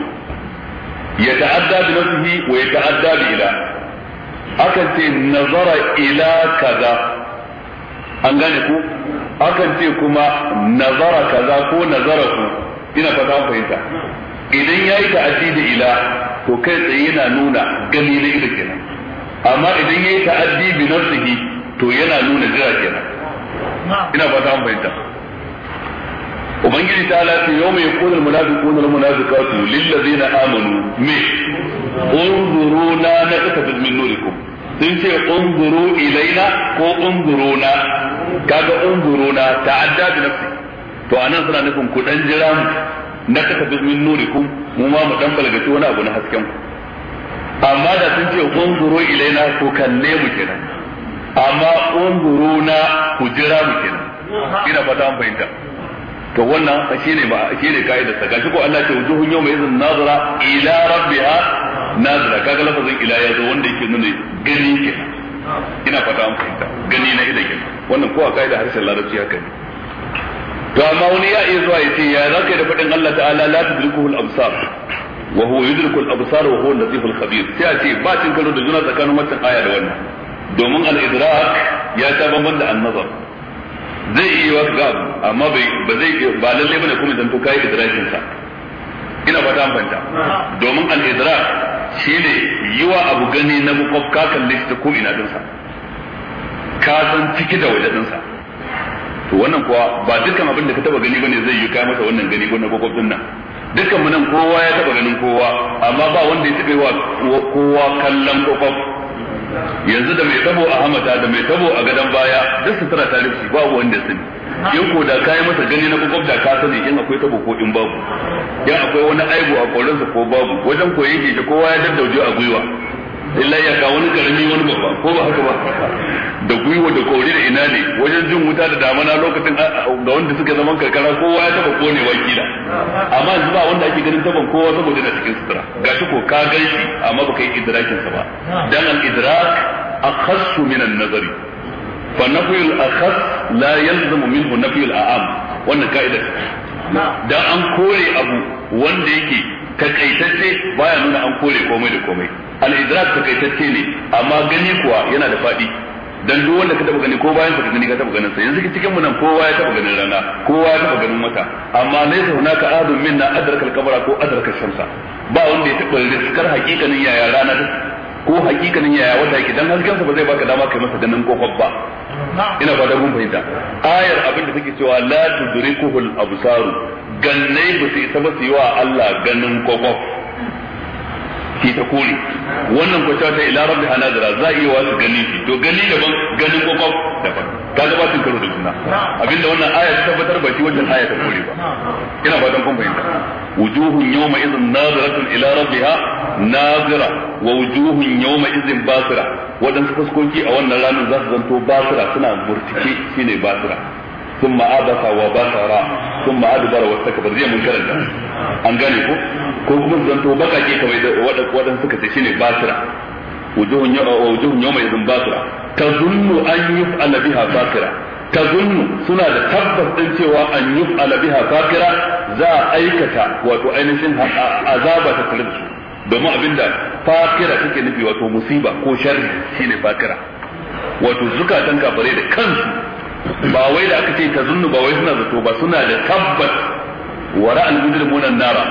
yata'adda bi nafsihi wa yata'adda bi ila akan ce nazara ila kaza an gane ku akan ce kuma nazara kaza ko nazara ku ina fata an fahimta idan ya yi ta'addi da ila to kai tsaye yana nuna gani na ido kenan amma idan ya yi ta'addi bi nafsihi to yana nuna jira kenan ina fata an fahimta ubangiji ta lati yau mai kunar munafiquna wal munafiqatu lil ladzina amanu me unzuruna na aka min nurikum sun ce unzuru ilaina ko unzuruna kaga unzuruna ta'adda bi nafsi to anan suna nufin ku dan jira mu na kasa bizmin nurikum mu ma mu dan balgaci wani abu na hasken ku amma da sun ce unzuru ilaina ko kalle mu kenan amma unzuruna ku jira mu kenan ina fata an fahimta to wannan shine ba shine kaida sa gashi ko Allah ce wujuhun yawma idhin nazara ila rabbiha nazara kaga lafazin ila ya zo wanda yake nuna gani ke ina fata an fahimta gani na ila kenan wannan ko a kaida harshen larabci haka ne to amma wani ya iya zuwa yace ya zaka da fadin Allah ta'ala la tudrikuhu al-absar wa huwa yudriku al-absar wa huwa al-latif khabir sai a ce ba cin karo da juna tsakanin wannan aya da wannan domin al-idrak ya ta bambanta an-nazar zai iya wa ga amma ba zai ba lalle bane kuma zan to kai idrakin sa ina fata ta fanta domin al idrak yi yiwa abu gani na muqafka kan lista ko ina din sa ka san ciki da waje din sa to wannan kuwa ba dukkan abin da ka taba gani bane zai yi kai masa wannan gani ko na kokofin nan dukkan mu nan kowa ya taba ganin kowa amma ba wanda ya taba wa kowa kallon kokof yanzu da mai tabo a hamata da mai tabo a gadon baya duk tara ta su babu wanda sani in ko da kai masa gani na da ka sani in akwai tabo ko in babu in akwai wani aibu a kwallonsa ko babu wajen koyi ke kowa ya daddauje a gwiwa illa ya ga wani karami wani babba ko ba haka ba da gwiwa da kori da ina ne wajen jin wuta da damana lokacin ga wanda suka zama karkara kowa ya taba kone wakila amma yanzu ba wanda ake ganin taban kowa saboda yana cikin sutura gashi ko ka gan shi amma baka yi idrakin sa ba dan al idrak akhassu min an nazari fa nafyu al akhass la yalzamu minhu nafyu al aam wannan kaida dan an kore abu wanda yake takaitacce baya nuna an kore komai da komai al-idrak takaitacce ne amma gani kuwa yana da fadi dan duk wanda ka taba gani ko bayan ka gani ka taba ganin sa yanzu cikin mu nan kowa ya taba ganin rana kowa ya taba ganin wata amma laysa hunaka adun minna adraka al-qamara ko adraka shamsa ba wanda ya taba riskar hakikanin yaya rana ta ko hakikanin yaya wata yake dan hasken sa ba zai baka dama kai masa ganin kokon ba ina ba da mun fahimta ayar abin da take cewa la tudrikuhul absaru gannai ba su isa ba su yi wa Allah ganin kokon ki ta kore wannan ko ta ila rabbi hanazira za iya wasu gani shi to gani daban ganin kokon daban ka ga batin karo da juna abinda wannan aya ta tabbatar ba shi wannan aya ta kore ba ina fatan kun fahimta wujuhun yawma idhin naziratun ila rabbiha nazira wa wujuhun yawma idhin basira wadansu fuskoki a wannan ranar za su zanto basira suna burtike shine basira ثم عبس وبصر ثم أدبر واستكبر زي من كرنتا أن gane ko ko kuma zanto baka ke kamar waɗanda suka ce shine basira wujuhun wujuhun yawma idan basira tazunnu an yuf'al biha basira tazunnu suna da tabbas din cewa an yuf'al biha basira za aikata wato ainihin azaba ta tare domin abinda fakira take nufi wato musiba ko sharri shine fakira wato zukatan kafare da kansu ba wai da aka ce ta zunnu ba wai suna zato ba suna da tabbas wara al-mujrimuna nara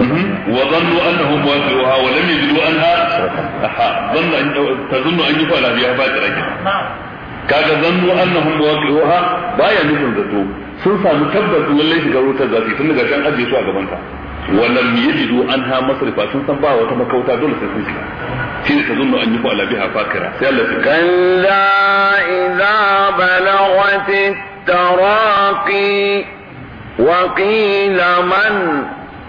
mhm. wa zannu annahum waqi'uha wa lam yajidu anha zanna an tazunnu an yufala biha fatira kaga zannu annahum ba baya nufin zato sun samu tabbas lallai shiga rutar zafi tun daga can ajiye su a gaban ta ولم يجدوا عنها مصرفا sun san ba wata makauta dole sai sun shiga shi ne tazun an yi ala biha fakira sai Allah ya kalla idza balaghat taraqi wa qila man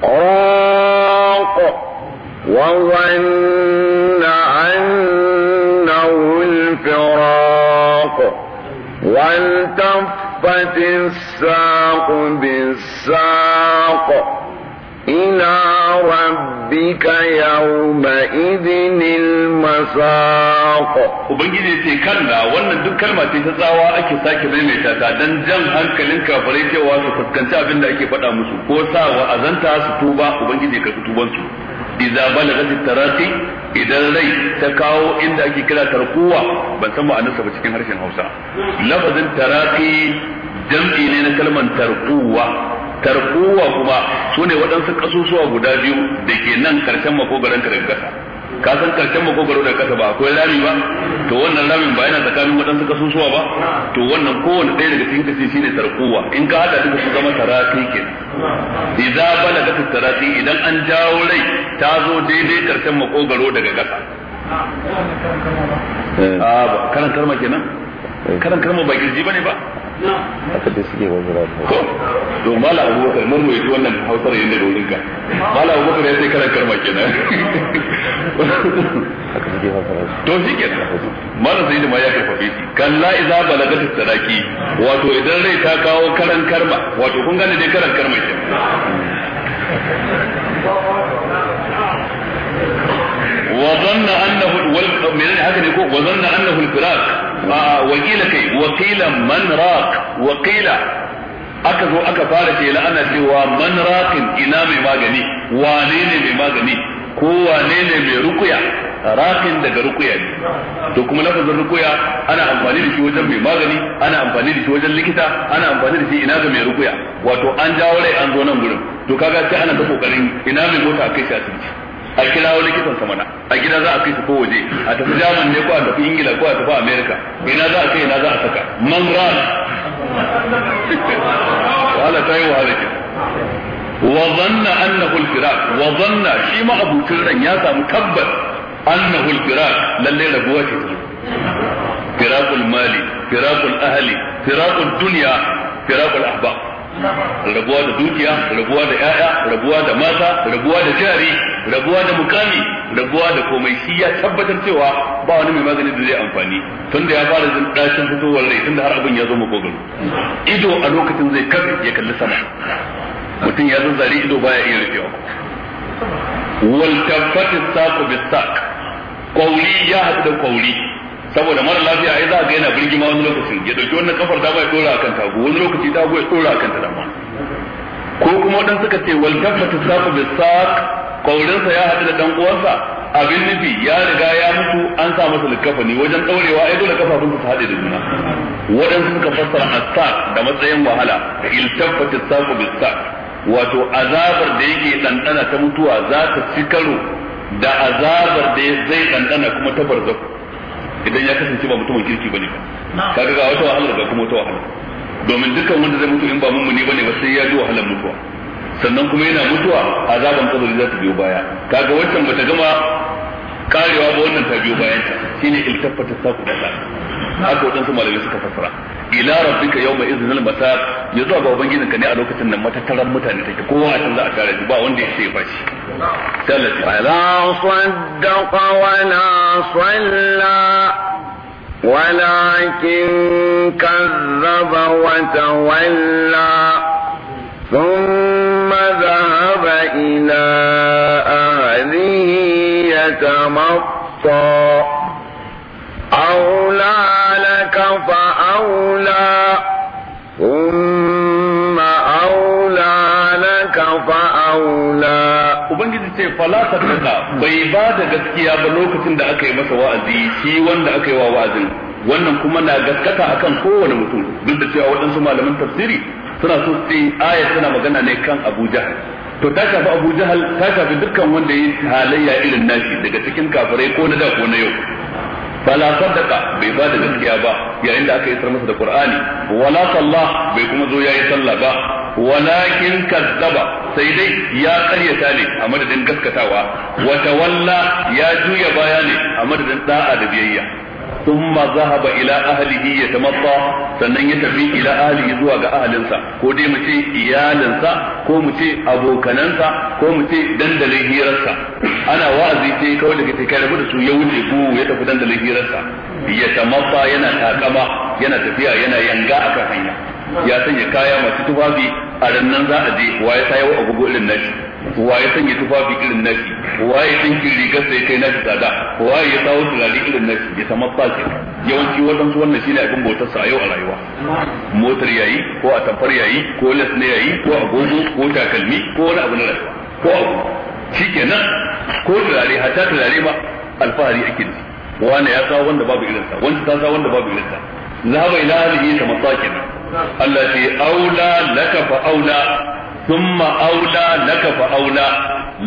raq wa wanna annahu al-firaq والتفت الساق بالساق إلى ربك يومئذ المساق ubangiji ce kalla wannan duk kalma ce ta tsawa ake sake maimaita ta dan jan hankalin kafirai cewa su fuskanci abin da ake faɗa musu ko sa wa azanta su tuba ubangiji ka tuban su idza balagat idan rai ta kawo inda ake kira tarkuwa ban san sa ba cikin harshen Hausa lafazin tarati jam'i ne na kalmar tarkuwa tarkuwa kuma su ne waɗansu ƙasusuwa guda biyu da ke nan ƙarshen makogaron ka daga ƙasa ka san ƙarshen makogaro daga ƙasa ba akwai rami ba to wannan ramin ba yana tsakanin waɗansu ƙasusuwa ba to wannan kowane ɗaya daga cikin kashi shine tarkuwa in ka haɗa duka su zama tarafi kenan idza balaga tarafi idan an jawo rai ta zo daidai ƙarshen makogaro daga ƙasa a karantar ma kenan ah, karan karma ba kirji bane ba haka dai suke wani rafi ko to mala abubakar mun mai wannan hausar yin da wurin ka mala abubakar ya sai karan karma kenan haka suke hausar to shi kenan mala sai da ma ya karfafe shi kalla idza balagat sadaqi wato idan rai ta kawo karan karma wato kun gane dai karan karma kenan وظن انه وال... من هكذا يقول وظن انه الفراق wakila kai wakila man raq wakila aka zo aka fara ce ana cewa man Rakin ina mai magani wane ne mai magani ko wane ne mai rukuya Rakin daga rukuya ne to kuma lafazin rukuya ana amfani da shi wajen mai magani ana amfani da shi wajen likita ana amfani da shi ina ga mai rukuya wato an jawo rai an zo nan gurin to kaga sai ana ta kokarin ina mai mota a kai shi asibiti a kirawo likitan sa mana a gida za a kai su ko waje a tafi jaman ne ko a tafi ingila ko a tafi america ina za a kai ina za a saka man ran wala tayi wahala ke wa zanna annahu al-firaq wa zanna shi ma abukin ran ya samu tabbas annahu al-firaq lalle rabuwa ce firaqul mali Firakul ahli Firakul dunya Firakul ahbab rabuwa da dukiya rabuwa da yaya rabuwa da mata rabuwa da jari rabuwa da mukami rabuwa da komai shi ya tabbatar cewa ba wani mai magani da zai amfani tunda ya fara jin dashin fitowar rai tunda har abin ya zo makogaro ido a lokacin zai kafe ya kalli sama mutum ya zazzare ido baya iya rufewa wal tabbati saqu bis saq qawli ya hadu da qawli saboda mara lafiya ai za ga yana birgima wani lokacin ya dauki wannan kafar dama ya dora akan tagu wani lokaci tagu ya dora akan ta dama ko kuma dan suka ce wal tabbata safa bis saq kaurinsa ya hadu da dan uwansa abin nufi ya riga ya mutu an sa masa likafani wajen daurewa ai dole kafafun su hade da juna waɗansu suka fassara as-saq da matsayin wahala il tabbata safa bis saq wato azabar da yake dandana ta mutuwa za ta ci karo da azabar da zai dandana kuma ta barzaku idan ya kasance ba mutumin kirki bane ba kaga ga wata wahala ga kuma wata wahala domin dukkan wanda zai mutu in ba mummuni bane ba sai ya ji wahalar mutuwa sannan kuma yana mutuwa azaban kabari za ta biyo baya kaga wancan bata gama karewa ba wannan ta biyo bayan ta shine iltafata saqu da ta haka wadansu malamai suka fassara ila rabbika yawma idhnil mataq ya zuwa ga ka ne a lokacin nan matattaran mutane take kowa a can za a tare shi ba wanda ya sai fashi sallati wala saddaqa wala salla ولكن كذب وتولى ثم ذهب إلى Ubangiji ce fala ta bai ba da gaskiya ba lokacin da aka yi masa wa'azi shi wanda aka yi wa wa'azin wannan kuma na gaskata akan kowane mutum duk da cewa waɗansu malaman tafsiri suna so su ce aya tana magana ne kan Abuja. to ta shafi Abu Jahal ta shafi dukkan wanda yi halayya irin nashi daga cikin kafirai ko na da ko na yau fala sadaka bai ba da gaskiya ba yayin da aka isar masa da Qur'ani wala sallah bai kuma zo yayi sallah ba walakin kazzaba sai dai ya karyata ne a madadin gaskatawa wata walla ya juya baya ne a madadin da'a da biyayya ثم zahaba ila اهله يتمطى sannan ya tafi ila ahlihi zuwa ga ahalinsa. ko dai mu ce iyalinsa ko mu ce abokanansa ko mu ce dandalin hirarsa ana wa'azi sai kawai daga take rabu da su ya wuce ku ya tafi dandalin hirarsa Ya yatamatta yana takama yana tafiya yana yanga akan hanya ya sanya kaya masu tufafi a rannan za a je wa ya sayo agogo irin nashi waye sanya tufafi irin nashi waye dinkin rigar sai kai nashi tsada waye ya dawo turare irin nashi ya sama fasi yawanci wannan su wannan shine abin bautar sa yau a rayuwa motar yayi ko a tamfar yayi ko las ne yayi ko agogo ko takalmi ko wani abu na rayuwa ko abu shikenan ko turare hatta turare ma alfahari ake da wani ya kawo wanda babu irinsa wanda ta kawo wanda babu irinsa zahaba ila alihi sama sakin Allah ce aula laka fa aula thumma aula laka fa aula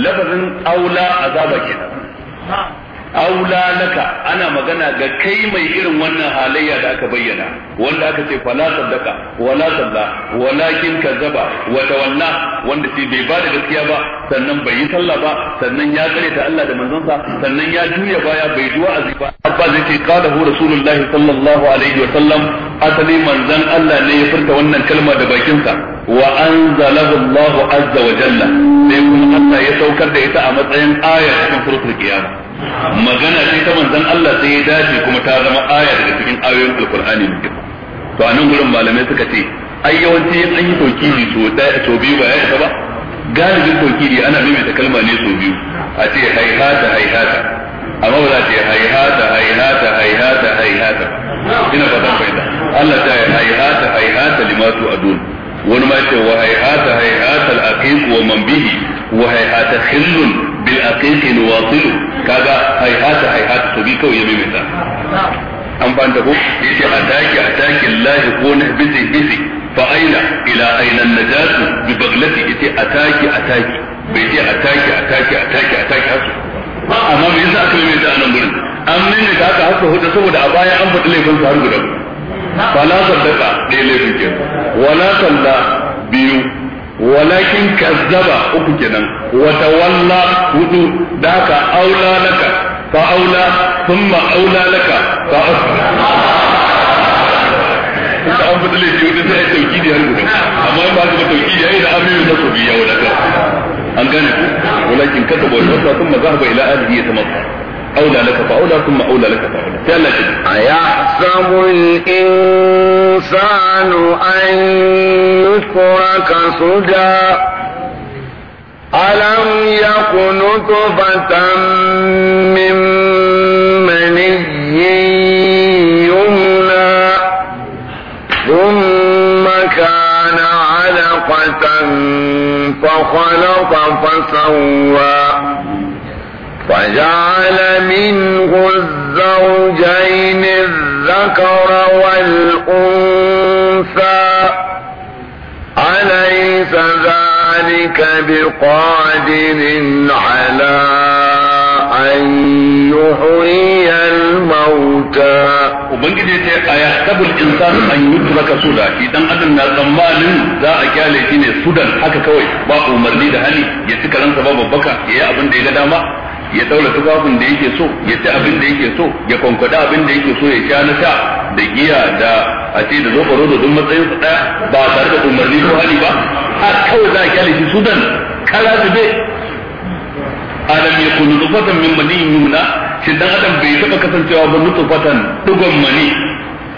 lafazin aula azaba kenan aula laka ana magana ga kai mai irin wannan halayya da aka bayyana wanda aka ce fala sadaka wala salla walakin kazzaba wa tawalla wanda shi bai ba da gaskiya ba sannan bai yi sallah ba sannan ya kare ta Allah da manzonsa sannan ya juya baya bai ji wa'azi ba abba zai ce qalahu rasulullahi sallallahu alaihi wa sallam asali manzon Allah ne ya furta wannan kalma da bakinsa wa anzalahu Allah azza wa jalla sai kuma Allah ya saukar da ita a matsayin aya cikin suratul qiyamah magana ce ta manzon Allah sai ya dace kuma ta zama aya daga cikin ayoyin alkur'ani mai girma to a nan gurin malamai suka ce ai yawanci an yi tauhidi so daya so biyu ba ya isa ba galibin tauhidi ana maimaita kalma ne so biyu a ce haihata haihata amma ba za ta yi haihata haihata haihata haihata ina ba fatan fahimta Allah ta yi haihata haihata limatu adun wani ma ce wa haihata haihata al-aqiq wa man bihi wa hayata an ban ko yace ataki ataki Allah ko na bizi bizi fa aina ila aina an-najat bi baglati yace ataki ataki bai ce ataki ataki ataki ataki hasu amma me yasa aka maimaita a nan gurin an maimaita haka haka hudu saboda a baya an faɗi laifin ɗaya laifin wala biyu walakin kazzaba uku kenan wa tawalla hudu daka aula laka fa aula thumma aula an fadale shi wani sai tauki da yar amma in ba ka tauki da yayi da amiyu na kubi ya wala an gane ku walakin kazzaba wa tawalla thumma zahaba ila ahlihi yatamatta أولى لك فأولى ثم أولى لك فأولى أيحسب الإنسان أن يترك سدى ألم يك نطفة من مني يمنى ثم كان علقة فخلق فسوى وجعل منه الزوجين الذكر والأنثى أليس ذلك بقادر على أن يحيي الموتى Ubangiji ce a ya tabul insan an yi yutraka suda idan adam na tsammanin za a kyale shi ne sudan haka kawai ba umarni da hali ya cika ransa ba babbaka ya yi abin da ya ga dama ya daula tufafin da yake so ya ci abin da yake so ya kwankwada abin da yake so ya sha na sha da giya da a ce da zofaro da dun matsayin su daya ba tare da umarni ko hali ba a kawai za a kyale shi sudan kala su bai adam ya kunu tufatan min mani yuna shi dan adam bai taba kasancewa ba tufatan dugon mani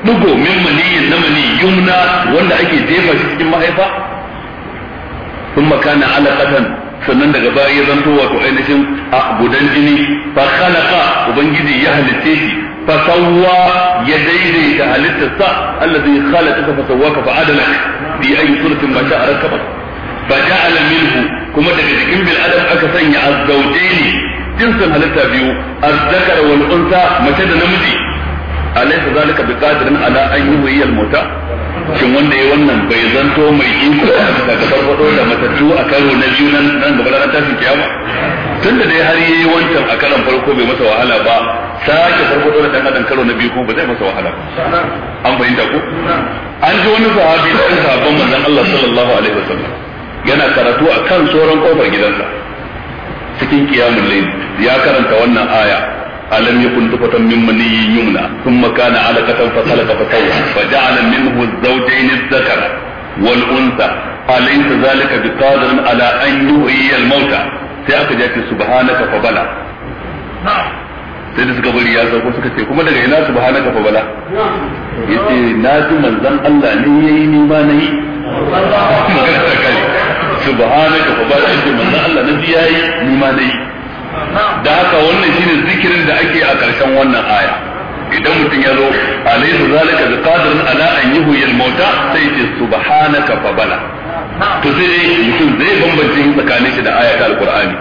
dugo min mani na mani yumna wanda ake jefa shi cikin mahaifa ثم كان علقة sannan daga baya ya zanto wato ainihin a gudan jini fa khalaqa ubangiji ya halitte shi fa sawwa ya daidaita halittarsa allazi khalaqa fa sawwaka fa adala bi ayi suratin ma sha'a Ba fa ja'ala minhu kuma daga jikin bil adam aka sanya azzawjaini jinsin halitta biyu azzakara wal unsa mace da namiji alaysa zalika biqadirin ala an yuhyi al-mauta shin wanda ya wannan bai zanto mai iko da ka farfado da matattu a karo na biyu nan nan gaba ranar tashin kiyama tunda dai har yayi wancan a karon farko bai masa wahala ba sake farfado da dan adam karo na biyu kuma ba zai masa wahala ba an fahimta ko an ji wani sahabi dan sahabban manzon Allah sallallahu alaihi wasallam yana karatu a kan tsoron kofar gidansa cikin kiyamul layl ya karanta wannan aya alam yakun tufatan min maniyyin yumna thumma kana alaqatan fa khalaqa fa sawwa fa ja'ala minhu az-zawjayn adh-dhakara wal untha alaysa zalika biqadirin ala an yuhyiya al-mauta sai aka ji subhanaka fa bala sai da suka bari ya sauko suka ce kuma daga ina subhanaka fa bala yace na ji manzon Allah ne yayi ni ma nayi subhanaka fa bala yace manzon Allah ne yayi ni ma nayi da haka wannan shine zikirin da ake a ƙarshen wannan aya idan mutum ya zo alaysa zalika biqadirin ala an yuhu al-mauta sai ce subhanaka fa bala to sai mutum zai bambance tsakanin shi da aya ta alqur'ani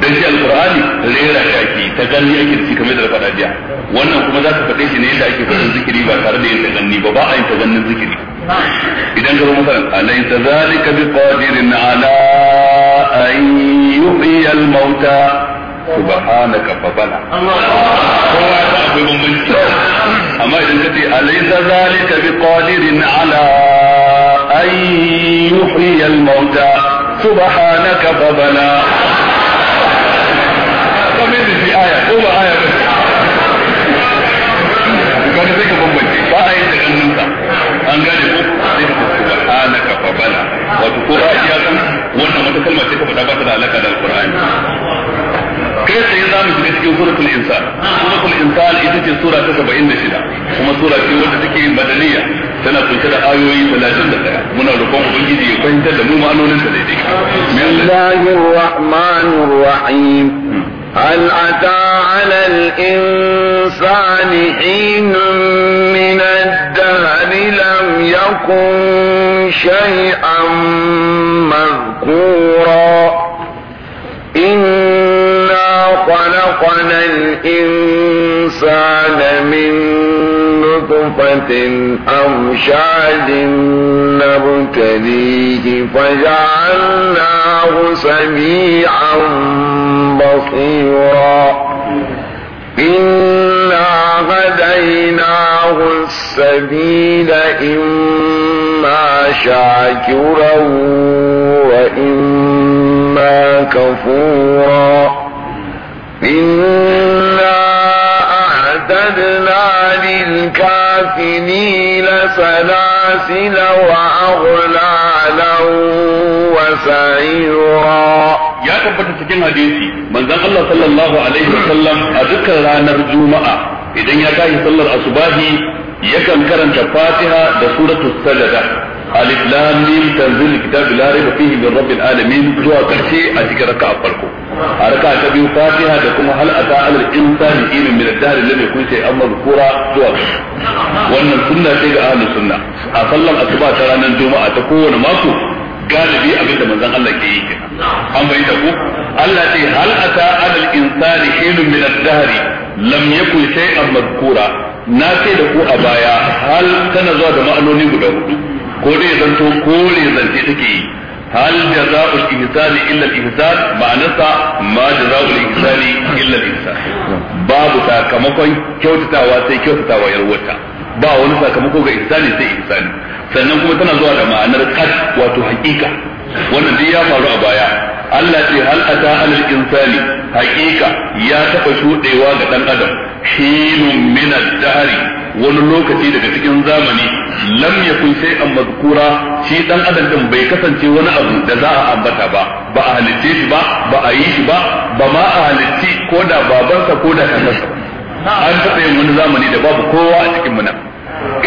dan shi alqur'ani rera shaki ta ganni ake da shi kamar da faɗa jiya wannan kuma za ka faɗe shi ne yadda ake faɗin zikiri ba tare da yin ta ganni ba ba a yin ta gannin zikiri idan ka zo masalan alaysa zalika biqadirin ala an yuhyi al-mauta subhanaka fa bala kowa ya akwai bambanci amma idan kace alaysa zalika biqadirin ala an yuhyi al-mauta subhanaka fa bala kamar da fi aya ko ba aya ba kaga sai ka bambance ba a yin da kannunka an gane ko sai ka subhanaka fa bala wato ko ba ya san wannan wata kalma ce ka faɗa ba ta da alaka da alqur'ani كيف يزعم بذلك سورة الإنسان؟ سورة الإنسان إذا كانت سورة تسبع إن الشدة وما سورة كيف تكين مدنية سنة تنشد آيوي فلا جنة من ألقوم بجدي فإن تلمو ما أنه ننسى نعم. بسم الله الرحمن الرحيم هل أتى على الإنسان حين من الدهر لم يكن شيئا مذكورا خلقنا الإنسان من نطفة أمشاج نبتليه فجعلناه سميعا بصيرا إنا هديناه السبيل إما شاكرا وإما كفورا إنا أعتدنا للكافرين سلاسل وأغلالا وسعيرا ya tabbata cikin hadisi manzon Allah sallallahu alaihi wasallam a dukkan ranar juma'a idan ya tashi sallar asubahi yakan karanta fatiha da suratul sajdah alif lam mim tanzil kitab la rayba fihi min rabbil alamin zuwa karshe a cikin raka'a farko a raka'a ta biyu fatiha da kuma hal ata al insani min ad-dahr amma zuwa wannan sunna ce ga ahlus sunna a sallar asuba ta ranar juma'a ta kowane mako galibi abinda manzon Allah ke yi an ku Allah ce hal ata al insani ilmin min ad-dahr lam yakun shay'an madkura na ce da ku a baya hal tana zuwa da ma'anoni guda hudu ko dai zanto kore zance take yi hal jaza'ul ihsani illa al-ihsan ma'anarsa ma jaza'ul ihsani illa al-ihsan babu sakamakon kyautatawa sai kyautatawa yarwata ba wani sakamako ga ihsani sai ihsani sannan kuma tana zuwa da ma'anar kad wato hakika wannan duk ya faru a baya Allah ce hal ata alal insani hakika ya taba shudewa ga dan adam hinun min ad-dahri wani lokaci daga cikin zamani lam yakun sai an mazkura shi dan adam din bai kasance wani abu da za a ambata ba ba a halitte shi ba ba a yi shi ba ba ma a halitti ko da babansa ko da kakansa an taɓa yin wani zamani da babu kowa a cikin munan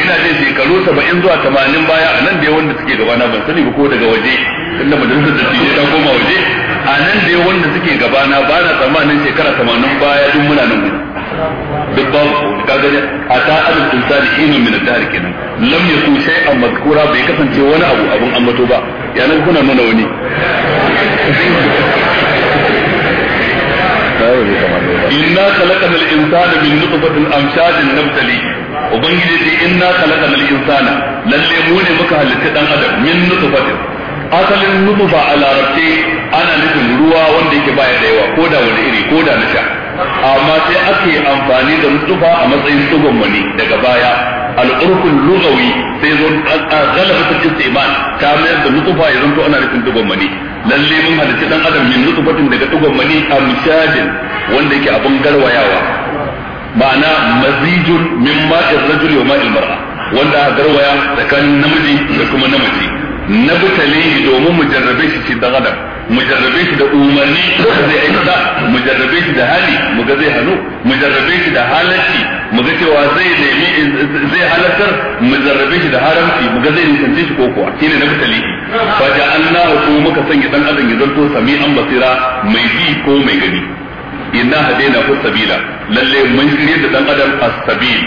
ina jin shekaru saba'in zuwa tamanin baya a nan da wanda suke gabana ban sani ba ko daga waje tunda majalisar da suke ta koma waje a nan da wanda suke gabana ba na tsammanin shekara tamanin baya duk muna nan gudu duk babu ka gani a ta alif da inu min ad-dahr kenan lam shai a mazkura bai kasance wani abu abin ambato ba ya nan kuna nuna wani bai kamar inna khalaqana al-insana min nutfatin amshajin nabtali ubangiji ce inna khalaqana al-insana lalle mu ne muka halitta dan adam min nutfatin asalin nutfa a larabce ana nufin ruwa wanda yake baya da yawa ko da wani iri ko da na sha amma sai ake amfani da nutfa a matsayin tsugon wani daga baya al'urkun lugawi sai zo galaba ta istiman ta mayar da nutfa ya zanto ana nufin tsugon wani lalle mun halitta dan adam min nutfatin daga dugon mani amshadin wanda yake abun garwayawa ma'ana mazijun min ma'ir rajul wa ma'il mar'a wanda garwaya tsakanin namiji da kuma namiji na domin mu jarrabe shi cikin dan adam mu jarrabe shi da umarni ga zai aikata mu jarrabe shi da hali mu ga zai halu mu jarrabe shi da halacci mu ga cewa zai nemi zai halartar mu jarrabe shi da haramci mu ga zai nisanci shi koko shine na fitali fa da Allah ko muka sanya dan adam ya zanto sami'an basira mai bi ko mai gani inna hadaina ku sabila lalle mun shirye da dan adam as-sabil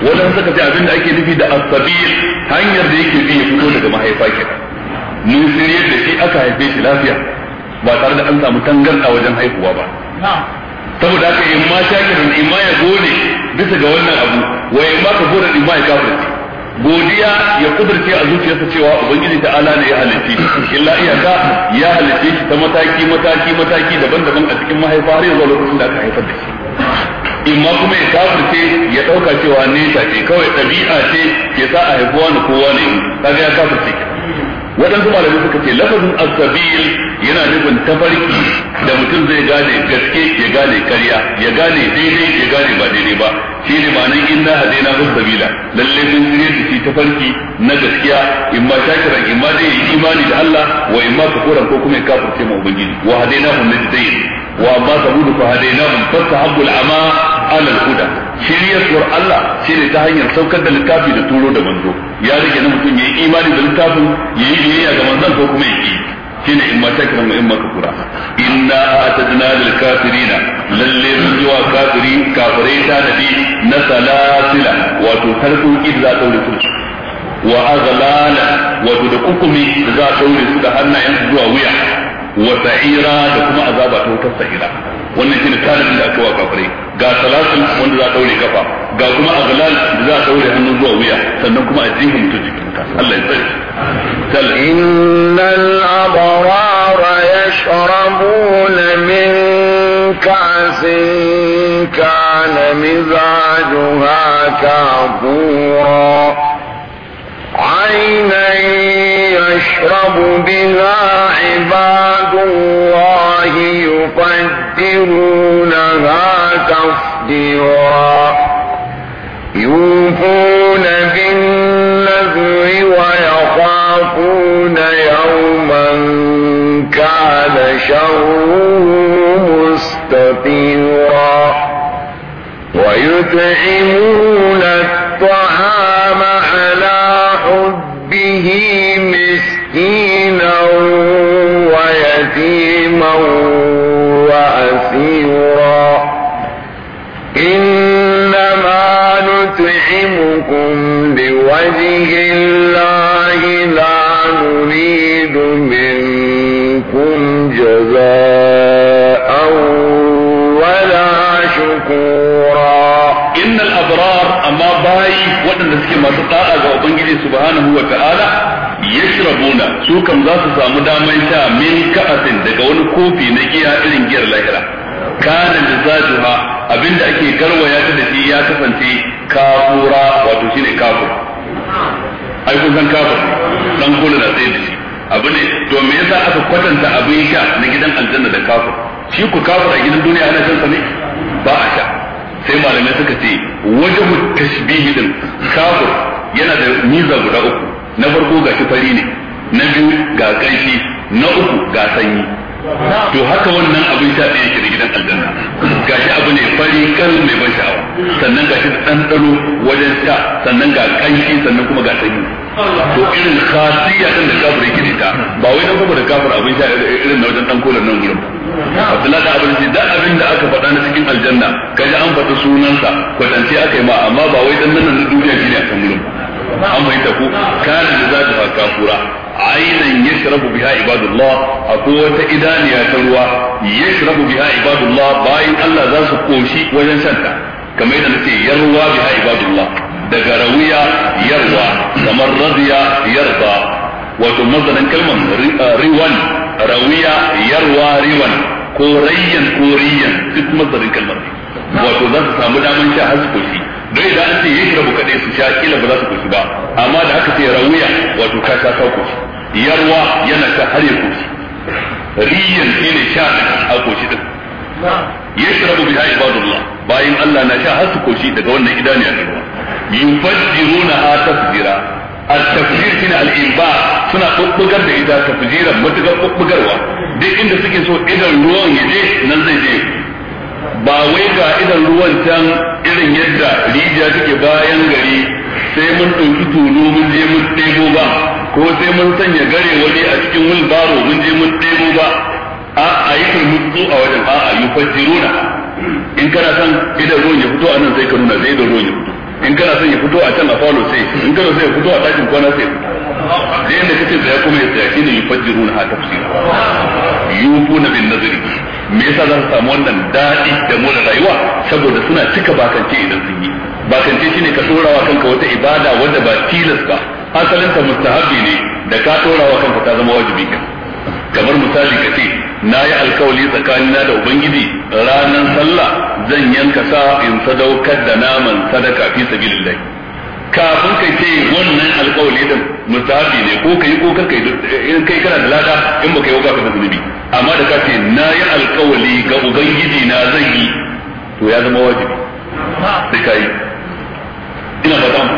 wannan suka ce abin da ake nufi da as-sabil hanyar da yake bi ya fito daga mahaifa kenan mun shirye da shi aka haife shi lafiya ba tare da an samu tangarda wajen haihuwa ba saboda haka in ma shakirin in ma ya gode bisa ga wannan abu wa in ma ka gode in ma ya kafirce godiya ya kudurce a zuciyarsa cewa ubangiji ta ala ne ya halitti illa iyaka ya halitta shi ta mataki mataki mataki daban-daban a cikin mahaifa har yanzu lokacin da aka haifar da shi in ma kuma ya kafirce ya dauka cewa nesa ce kawai ɗabi'a ce ke sa a haifuwa na kowa ne kaga ya kafirce kenan waɗansu malamai suka ce lafazin asabil yana nufin tafarki da mutum zai gane gaske ya gane karya ya gane daidai ya gane ba daidai ba shi ne ma'anar inna hadaina hu sabila lalle sun ne su shi tafarki na gaskiya in ma shakiran in ma dai imani da Allah wa in ma kafuran ko kuma kafirce ma ubangiji wa hadaina hu najdain وأما ثمود فهديناهم فاستحبوا العمى على الهدى shiryarwar Allah shi ne ta hanyar saukar da littafi da turo da manzo ya rike na mutum ya yi imani da littafin ya yi biyayya ga manzon ko kuma ya yi shi ne in ma ta kira in ma ka kura inna atadna lil kafirina lalle mun yi wa kafiri kafirai ta nabi na salasila wato tarkun idza daure su wa azlala wato da kukumi da za a daure su da hannayen zuwa wuya wa sa'ira da kuma azaba ta wutar sa'ira wannan shine tanadin da aka wa kafirai ga salatin wanda za a daure kafa ga kuma aghlal da za a daure hannun zuwa wuya sannan kuma a jihin mutum jikin ta Allah ya tsare innal abrara yashrabun min ka'sin كان مزاجها كافورا عينا يشرب بها عباد الله يقدرونها تفجيرا يوفون بالنذر ويخافون يوما كان شره مستطيرا ويطعمون الطعام يأتكم بوجه الله لا نريد منكم جزاء ولا شكورا إن الأبرار أما باي وأن نسكي ما تقاء وأبنجي سبحانه وتعالى yashrabuna su kam za su samu damar sha min ka'atin daga wani kofi na giya irin giyar lahira kana ha abinda ake ya ta da shi ya kasance kafura wato shine kafur ai kun san kafur dan kula da sai da shi abu ne to me yasa aka kwatanta abin sha na gidan aljanna da kafur shi ku kafura a gidan duniya ana san sa ne ba a sha sai malamai suka ce wajen tashbihi din kafur yana da miza guda uku na farko ga shi fari ne na biyu ga ƙarfi na uku ga sanyi to haka wannan abin sha ɗaya ke da gidan aljanna Ga shi abu ne fari kan mai ban sha'awa sannan shi ɗanɗano wajen sha sannan ga kanshi sannan kuma ga sanyi to irin khasiyya din da kafir yake da ba wai dan saboda kafir abin sha irin na wajen ɗan kolan nan gurin Abdullahi da abin da abin da aka faɗa na cikin aljanna kaji an faɗi sunansa kwatance aka yi ma amma ba wai dan nan na duniya shine a kan gurin an mai taku kana da zata A kafura ainan yashrabu biha ibadullah akwai wata idaniya ta ruwa Ya yashrabu biha ibadullah bayan Allah za su koshi wajen shanta kamar yadda nake yarwa biha ibadullah daga rawiya yarwa kamar radiya yarda wato mazanin kalman riwan rawiya yarwa riwan ko rayyan ko riyan duk mazanin kalmar wato za su samu daman sha har su koshi dai da an ce yi shi rabu kadai su sha kila ba za su kushi ba amma da aka ce rawiya wato ka sha ka kushi yarwa yana ta har ya kushi riyan shi ne sha a kushi din yashrabu biha ibadullah bayin Allah bayan Allah na sha har su kushi daga wannan idaniya ne ruwa yufajjiruna ha tafjira at-tafjir shine na al'imba suna bubbugar da ita tafjiran matuƙar bubbugarwa duk inda suke so idan ruwan ya je nan zai je ba wai ga idan ruwan can irin yadda rijiya take bayan gari sai mun ɗauki tulu mun je mun ɗebo ba ko sai mun sanya gare wani a cikin wilbaro mun je mun ɗebo ba a a yi turmutsu a wajen a a yi fajiruna in kana son idan ruwan ya fito a nan sai ka nuna zai da ruwan ya fito in kana son ya fito a can a falo sai in kana son ya fito a ɗakin kwana sai da yadda kace tsaya kuma ya tsaya shine yufajiruna a tafsir yufuna bin nazari me yasa za su samu wannan daɗi da more rayuwa saboda suna cika bakance idan sun yi bakance shine ka ɗorawa kanka wata ibada wadda ba tilas ba asalinta mustahabi ne da ka ɗorawa kanka ta zama wajibi kenan kamar misali ka ce na yi alkawali tsakanina da ubangiji ranar sallah zan yanka sa in sadaukar da naman sadaka fi sabilillahi kafin kai ce wannan alƙawali din mustahabi ne ko kai ko kai in kai kana da lada in baka yi wa kafin zunubi amma da kace na yi alƙawali ga ubangiji na zan yi to ya zama wajibi sai ka yi ina ba zan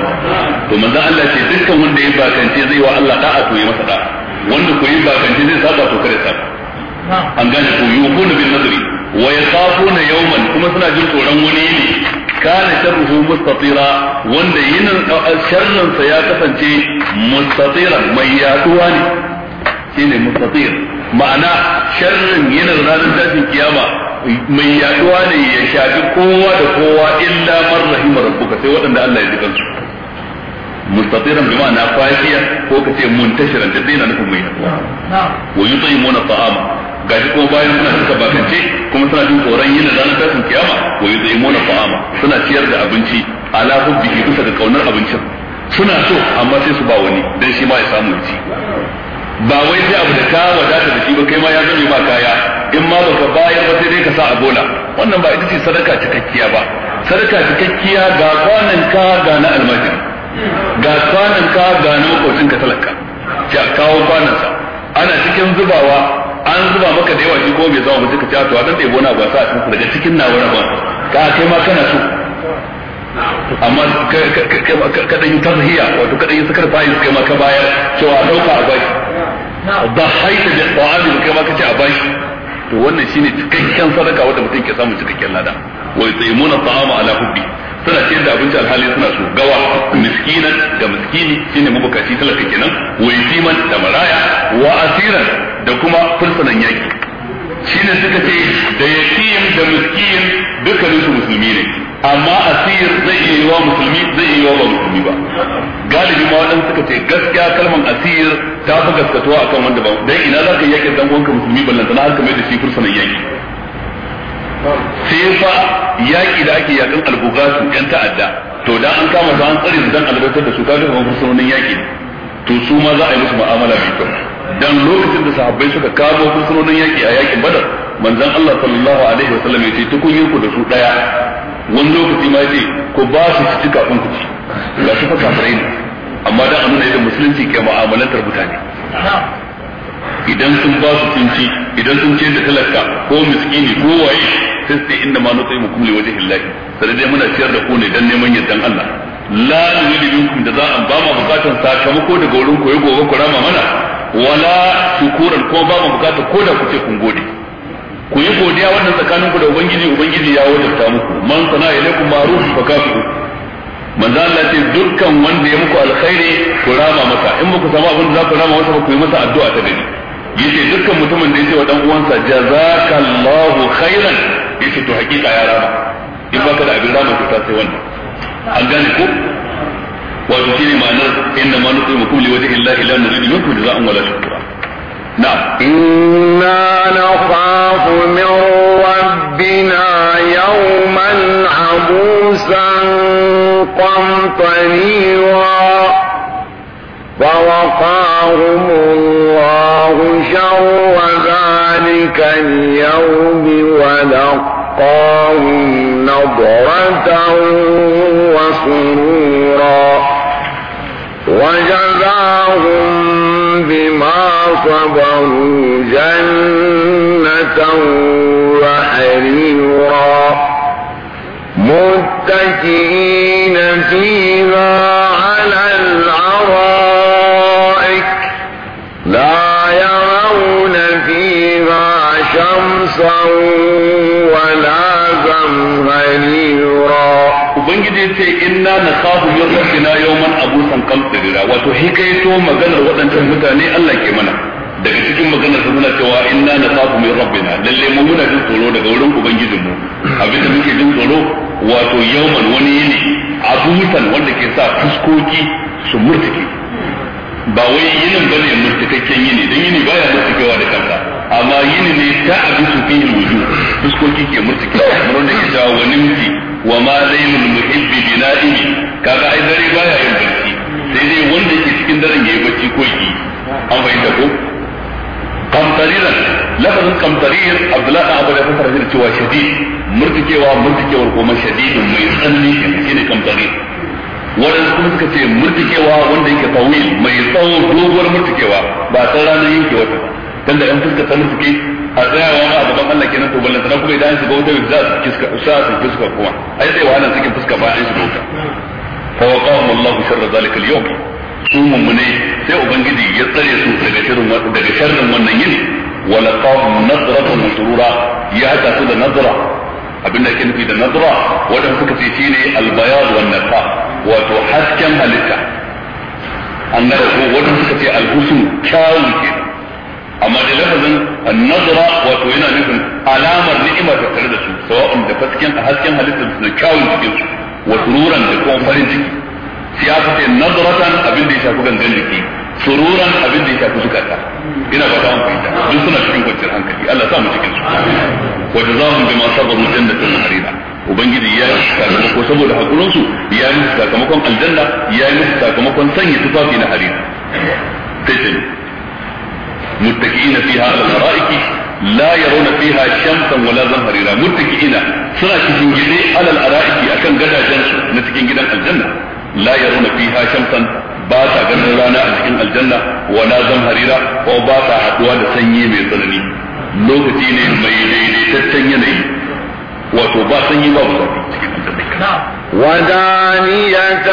to manzon Allah ce dukkan wanda ya bakance zai wa Allah da'a to ya masa da'a wanda ko yi bakance zai saba to kare sa an gane ko ko nabi nazari wa yakhafuna yawman kuma suna jin tsoron wani ne kana sharruhu mustatira wanda yinin sharrin sa ya kasance mustatira mai yaduwa ne shine mustatir ma'ana sharrin yinin ranar tashin kiyama mai yaduwa ne ya shafi kowa da kowa illa man rahima rabbuka sai waɗanda Allah ya ji kansu mustatiran bi ma'ana fashiya ko ka ce muntashiran da dai na nufin mai wa yutayimuna ta'ama gashi kuma bayan suna suka bakance kuma suna jin tsoron yin ranar tashin kiyama wa yutayimuna fa'ama suna ciyar da abinci ala hubbihi bisa ga kaunar abincin suna so amma sai su ba wani dan shi ma ya samu ya ci ba wai sai abu da ka wadata da shi ba kai ma ya zame ma kaya in ma baka bayar ba sai dai ka sa a bola wannan ba ita ce sadaka cikakkiya ba sadaka cikakkiya ga kwanan ka ga na almajiri ga kwanan ka ga na makocin ka talaka ya kawo kwanan sa ana cikin zubawa an zuba maka da yawa shi ko bai zama mutum ka ci to a dan ɗebo na ba sa a daga cikin na wani ba ka kai ma kana so amma kaɗan yi tarhiya wato kaɗan yi sakar fayi kai ma ka bayar cewa ɗauka a bashi da haita da ta'ami kai ma ka ce a bashi to wannan shine cikakken sadaka wanda mutum ke samu cikakken lada wa yutsimuna ta'ama ala hubbi suna ciyar da abinci alhali suna so gawa miskinan da miskini shine mabukaci talaka kenan wa yutiman da maraya wa asiran da kuma fulfunan yaki shine suka ce da yatim da miskin dukkanin su musulmi ne amma asir zai iya yi wa musulmi zai iya yi wa ba musulmi ba galibi ma wadanda suka ce gaskiya kalman asir ta fi gaskatuwa akan wanda ba dan ina za zaka yake dan uwanka musulmi ballantana har ka mai da shi fursunan yaki sai fa yaƙi da ake yaƙin algugatu yan ta'adda to da an kama su an tsare su dan albarkar da su kaga kamar fursunonin yaƙi to su ma za a yi musu mu'amala mai kyau dan lokacin da sahabbai suka kamo fursunonin yaƙi a yaƙin badar manzon Allah sallallahu alaihi sallam ya ce tukunyar ku da su daya wani lokaci ma yace ku ba su ci kafin ku ci ga su fa kafirai ne amma dan a nuna yadda musulunci ke mu'amalantar mutane idan sun ba su tunci idan sun ce da talaka ko miskini ko waye sai su inda ma nutsai mu kumli waje. hillahi sai dai muna ciyar da ku ne dan neman yardan Allah la nuridu minkum da za a ba mu bukatan sakamako daga wurin koyo gobe ku rama mana wala shukuran ko ba mu bukata ko da ku ce kun gode ku yi godiya wannan tsakanin ku da ubangiji ubangiji ya wajabta muku man sana ilaikum ma'ruf fa kafu manzo Allah ce dukkan wanda ya muku alkhairi ku rama masa in muku samu abin da za ku rama masa ku yi masa addu'a ta gani yace dukkan mutumin da yace wa dan uwansa jazakallahu khairan yace to hakika ya rama in baka da abin rama ku ta sai wannan an gane ku wato shine ma'anar inna ma nuqimukum liwajhi llahi la nuridu minkum jazaa'an wala shukura na. inna nakhafu min شمسا قمطريرا فوقاهم الله شر ذلك اليوم ولقاهم نضرة وسرورا وجزاهم بما صبروا جنة وحريرا متكئين فيها على الأرائك لا يرون فيها شمسا ولا زمهريرا Ubangiji ya ce inna na kafu yau na yawman abusan kalfirira wato hikaito maganar waɗancan mutane Allah ke mana daga cikin maganar su muna cewa inna na kafu min rabbina lalle mu muna jin tsoro daga wurin ubangijinmu abinda muke jin tsoro wato yawman wani yini mutan wanda ke sa fuskoki su murtuke ba wai yinin bane murtukakken yini dan yini baya murtukewa da kanka amma yini ne ta abisu wuju fuskoki ke murtuke kamar wanda ke cewa wani miji wa ma zainul muhibbi bina'imi kaga ai dare baya yin barci sai dai wanda ke cikin daren yayi bacci ko yi an bayyana ko kamtariran lafazin kamtarir abdullahi abu da fasara shi cewa shadi murtikewa murtikewar shadi shadidun mai tsanani shine kamtarir wadanda kuma suka ce murtikewa wanda yake tawil mai tsawo doguwar murtikewa ba ta ranar yanke wata dan da ɗan fuska ta murtike a tsayawa ma a gaban Allah kenan to ballan tana kuma idan an shiga wata za su kiska sa su kiska kuma ai sai wa nan cikin fuska ba a an shiga wata fa waqahum Allahu sharra zalika al-yawm su mummune sai ubangiji ya tsare su daga shirin daga sharrin wannan yini wa laqahum nadratan surura ya hada su da nazra abinda ke nufi da nazra wanda suka ce shine al-bayad wan naqa wato hasken halitta annabi ko wanda suka ce al-husn kyawun kenan amma da lafazin nazara wato yana nufin alamar ni'ima ta tare da su sawa'un da fasken hasken Halitta su da kyawun jikin su wa sururan da kuma farin ciki ya fice nazaratan abin da ya shafi gangan jiki sururan abin da ya shafi zukata ina ba ta an fahimta duk suna cikin kwanciyar hankali Allah sa mu cikin su wa jazahum bima sabaru jannatan harira ubangiji ya yi sakamako saboda hakurin su ya yi sakamakon aljanna ya yi sakamakon sanya tufafi na harira sai ce muttaqina fiha al-ara'iki la yarawna fiha shamsan wala zamharira muttaqina suna cikin gide alal ara'iki akan gadajen su na cikin gidan aljanna la'yar yaruna fiha shamsan ba ta ganin rana a cikin aljanna wala harira ko ba ta haduwa da sanyi mai tsanani lokaci ne mai daidaitaccen ba sanyi ba ودانية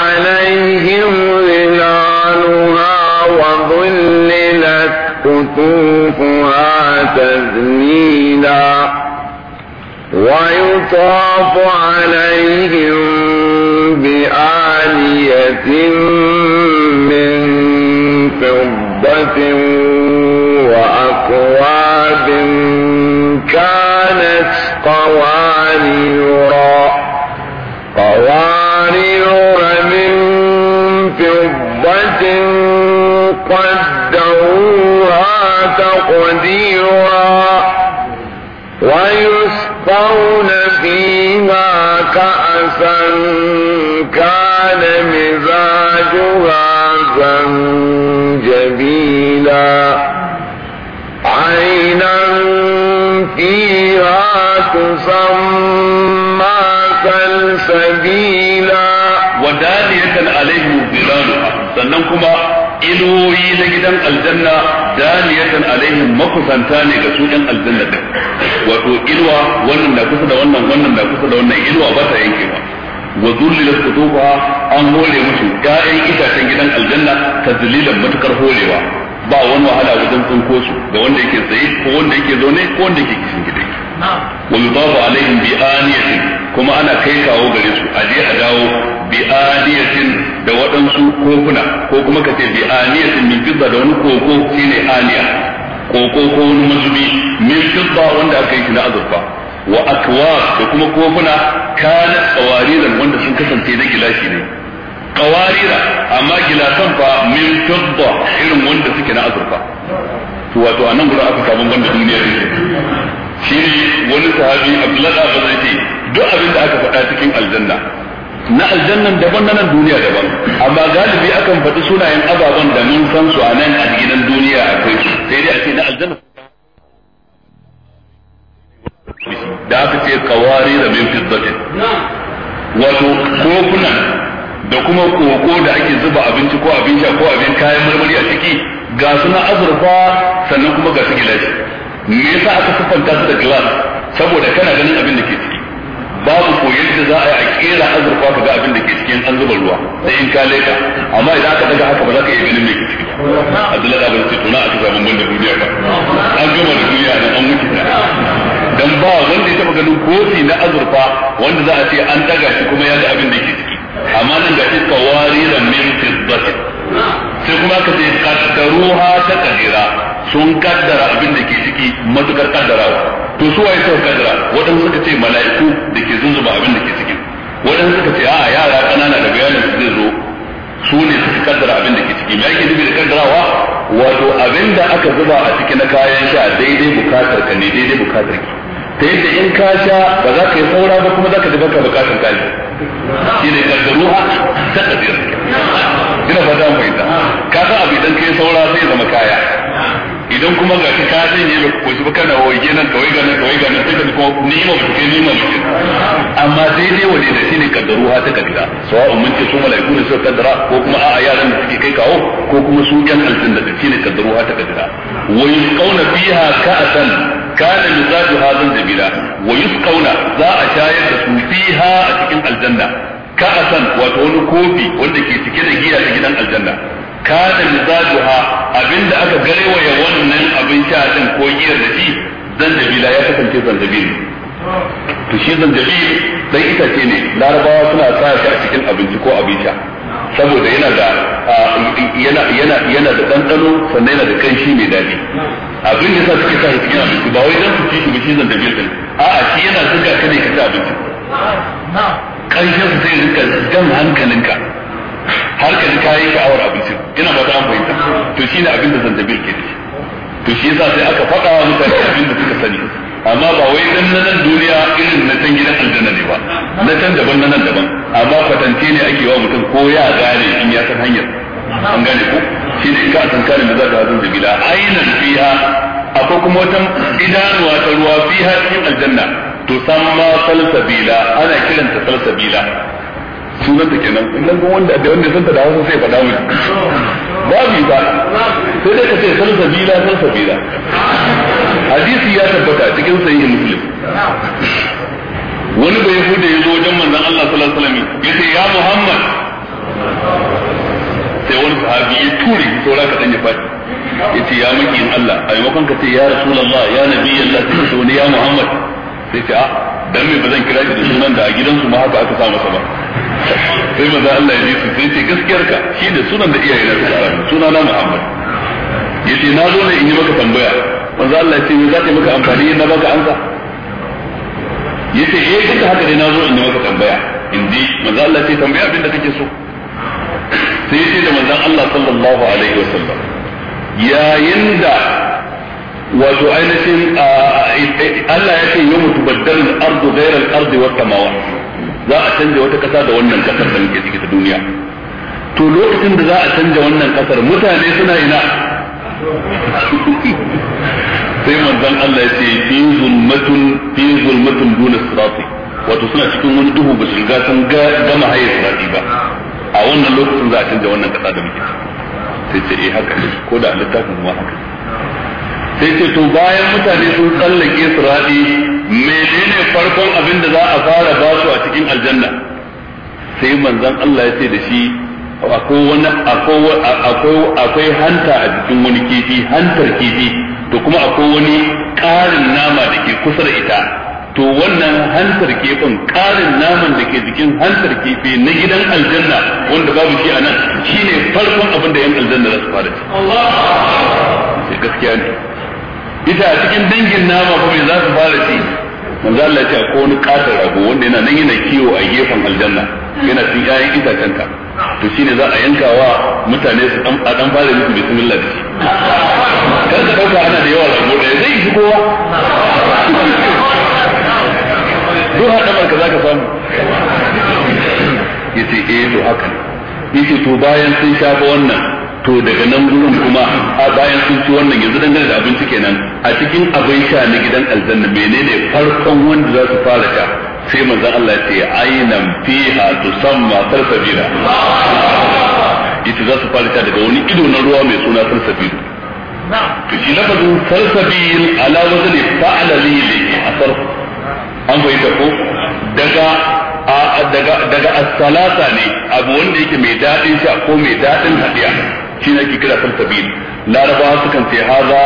عليهم ظلالها وظللت قطوفها تذليلا ويطاف عليهم بآلية من فضة وأكواب كانت قوانيرا قوارير من فضة قدروها تقديرا ويسقون فيها كأسا قولا جميلا عينا فيها تسمى سلسبيلا ودانية عليهم ظلالها sannan kuma inuwoyi na gidan aljanna daniyatan alaihim makusanta ne ga su ɗan aljanna din wato inuwa wannan na kusa da wannan wannan kusa da wannan ba ta yankewa wa zullilat qutuba an hore musu ya'yan itacen gidan aljanna ta zililan matukar horewa ba wani wahala wajen tsinko su ga wanda yake tsaye ko wanda yake zaune ko wanda yake kishin gida wa yudafu alaihim bi aniyatin kuma ana kai kawo gare su a je a dawo bi aniyatin da waɗansu kofuna ko kuma ka ce bi aniyatin min fidda da wani koko shine aniya koko ko wani mazubi min fidda wanda aka yi shi na azurfa wa akwa da kuma kofuna kana qawariran wanda sun kasance na gilashi ne qawarira amma gilasan fa min fidda irin wanda suke na azurfa to wato anan gurin aka samu banda duniya ne shi ne wani sahabi Abdullahi Abbas yake duk abin da aka faɗa cikin aljanna na aljannan daban na nan duniya daban amma galibi akan faɗi sunayen ababen da mun san su a nan a gidan duniya akwai su sai dai a ce na aljanna da aka ce kawari da min fiddatin wato kofuna da kuma koko da ake zuba abinci ko abin sha ko abin kayan marmari a ciki ga suna azurfa sannan kuma ga su gilashi me yasa aka siffanta su da glass saboda kana ganin abin da ke ciki babu ko yadda za a yi a kera azurfa ka ga abin da ke cikin an zuba ruwa sai in ka leka amma idan aka daga haka ba za ka iya ganin me ke ciki Abdullahi da bai ce a aka sabon da duniya ba an gama da duniya da an mutu dan ba wanda ya taba ganin kofi na azurfa wanda za a ce an daga shi kuma ya ga abin da ke ciki amma nan ga iska da min fiddati sai kuma ka ce kaddaruha ta kadira sun kaddara abin da ke ciki matukar kaddara to su waye suka kaddara wadanda suka ce mala'iku da ke zunzuba abin da ke ciki wadanda suka ce a yara ƙanana da bayanin su ne suka kaddara abin da ke ciki me ake nufi da kaddarawa wato abin da aka zuba a ciki na kayan sha daidai bukatar ka ne daidai bukatar ki ta yadda in ka sha ba za ka yi saura ba kuma za ka baka bukatar ka ne shi ne kaddaruha ta kadir ina za mu ta ka san abin ka yi saura sai zama kaya idan kuma ga ka sanye ba ko ba na waje nan kawai ga nan kawai ga nan sai ka ko ni'ima ba kai ni'ima ba amma sai dai wani da shine kaddaru ha ta kaddara sawa'un mun ce su malaiku ne suka kaddara ko kuma a'a yaran da suke kai kawo ko kuma su yan aljanna da shine kaddaru ha ta kaddara wa yusqawna fiha ka'san kana mizajuha zanjabila wa yusqawna za a shayar da su fiha a cikin aljanna ka'san wato wani kofi wanda ke cike da giya ta gidan aljanna kana mizajuha abinda aka garewaye wannan abin sha din ko giyar da shi zanjabila ya kasance zanjabil to shi zanjabil dan itace ne larabawa suna tsaya shi a cikin abinci ko abin saboda yana da yana yana yana da dandano sannan yana da kanshi mai daɗi abin da yasa suke sa shi cikin abinci ba wai dan su ci shi ba shi zanjabil din a'a shi yana zuga ka ne ka ci abinci kanshin su zai rinka jan hankalinka har ka ji kayan sha'awar abincin ina ba ta amfani to shi ne abin da zanjabil ke ci to shi yasa sai aka faɗa wa mutane abin da suka sani amma ba wai dan na nan duniya irin na can gidan aljanna ne ba na can daban na nan daban amma fatance ne ake wa mutum ko ya gane in ya san hanyar an gane ko shi ne ka san kare da za ka hazin zabila ainihin fiha akwai kuma wata idanuwa ta ruwa fiha cikin aljanna to san ma salsabila ana kiranta salsabila sunan ta kenan in nan wanda da wanda santa da hausa sai faɗa mu babu ba sai dai ka ce san Sabila. hadisi ya tabbata cikin sahihin muslim wani bai hude ya zo wajen manzon Allah sallallahu alaihi wasallam yace ya Muhammad sai wani sahabi ya ture saura kaɗan ya faɗi yace ya in Allah a maimakon ka ce ya rasulullah ya nabi Allah sai ka wani ya Muhammad sai ce a ah, dan me bazan kira shi da sunan da a gidansu ma haka aka sa masa ba sai maza Allah ya ji su sai ce gaskiyar ka shi da sunan da iyaye na suka samu suna na Muhammad ya ce na zo ne in yi maka tambaya maza Allah ya ce me za ta maka amfani na baka ya ce eh duka haka ne na zo in yi maka tambaya in ji manzo Allah ya ce tambaya abin da kake so sai ya ce da manzon Allah sallallahu alaihi wa sallam. yayin da wato ainihin Allah ya ce yau mutu baddal ardu ghayra al-ardi was samawati za a canja wata kasa da wannan kasar da muke ciki ta duniya to lokacin da za a canja wannan kasar mutane suna ina sai manzon Allah ya ce fi zulmatun fi zulmatun duna sirati wato suna cikin wani duhu ba su riga sun gama haye sirati ba a wannan lokacin za a canja wannan kasa da muke sai ce eh haka ne ko da littafin ma haka sai ce to bayan mutane sun tsallake sirati menene farkon abin da za a fara ba su a cikin aljanna sai manzon Allah ya ce da shi akwai wani akwai akwai hanta a jikin wani kifi hantar kifi to kuma akwai wani ƙarin nama da ke kusa da ita to wannan hantar kifin ƙarin naman da ke jikin hantar kifi na gidan aljanna wanda babu shi a nan shine farkon abin da yan aljanna za su fara ci. Allah! gaskiya ne. Ita a cikin dangin nama kuma za su fara ci manzo Allah ya ko wani katar rago wanda yana nan yana kiwo a gefen aljanna yana cin ƴaƴan itacen ka to shine za a yanka wa mutane su dan a dan fara musu bismillah da shi kar ka dauka ana da yawa rago da zai fi kowa duk haɗa barka zaka samu yace eh to haka yace to bayan sun shafa wannan to daga nan gurin kuma a bayan sun ci wannan yanzu dangane da abinci kenan a cikin abin sha na gidan aljanna menene farkon wanda za su fara sha sai manzon Allah ce ainan fiha tusamma salsabila ita za su fara sha daga wani ido na ruwa mai suna salsabilu to shi lafazin salsabil ala wazni fa'ala li a sarfu an fahimta ko daga daga daga as-salata ne abu wanda yake mai dadin sha ko mai dadin hadiya shi ne ake kira salsabil larabawa sukan ce haza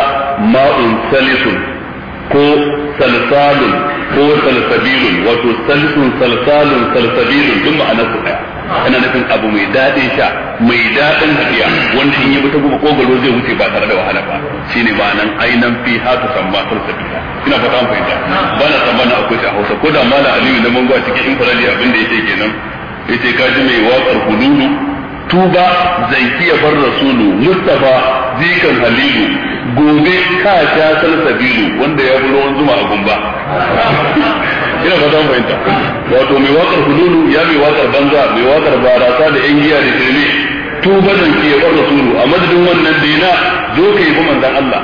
ma'un salisun ko salsalun ko salsabilun wato salisun salsalun salsabilun duk ma'ana su daya ana nufin abu mai daɗin sha mai daɗin tafiya wanda in yi ta goma kogalo zai wuce ba tare da wahala ba Shi shine ma'anan ainan fi hatu samma salsabila ina fata mu fahimta ba na na akwai shi a hausa ko da mala aliyu na mango a cikin infirali abin da yake kenan yace kaji mai waƙar hululu tuba zaifiya bar rasulu mustafa zikan halilu gobe ka ta salsabilu wanda ya bulo wani zuma a gumba ina ba zan fahimta wato mai wakar hululu ya mai wakar banza mai wakar barasa da yan giya da kirmi tuba zaifiya bar rasulu a madadin wannan dina zo ka yi manzan Allah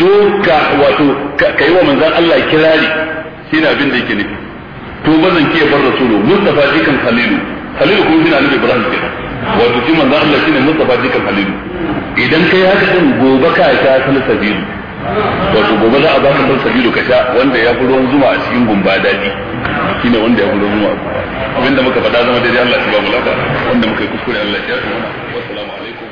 zo ka wato ka yi wa manzan Allah kirari shi ne abin da yake nufi tuba zaifiya bar rasulu mustafa zikan halilu halilu kuma shi na nabi ibrahim kenan wato shi manzon Allah shine Mustafa dukkan halin idan kai haka din gobe ka sha salsabilu wato gobe za a baka salsabilu ka sha wanda ya fi ruwan zuma a cikin gumba daɗi shine wanda ya fi ruwan zuma abinda muka faɗa zama daidai Allah shi ba mulaka wanda muka yi kuskure Allah ya tsare mana wassalamu alaikum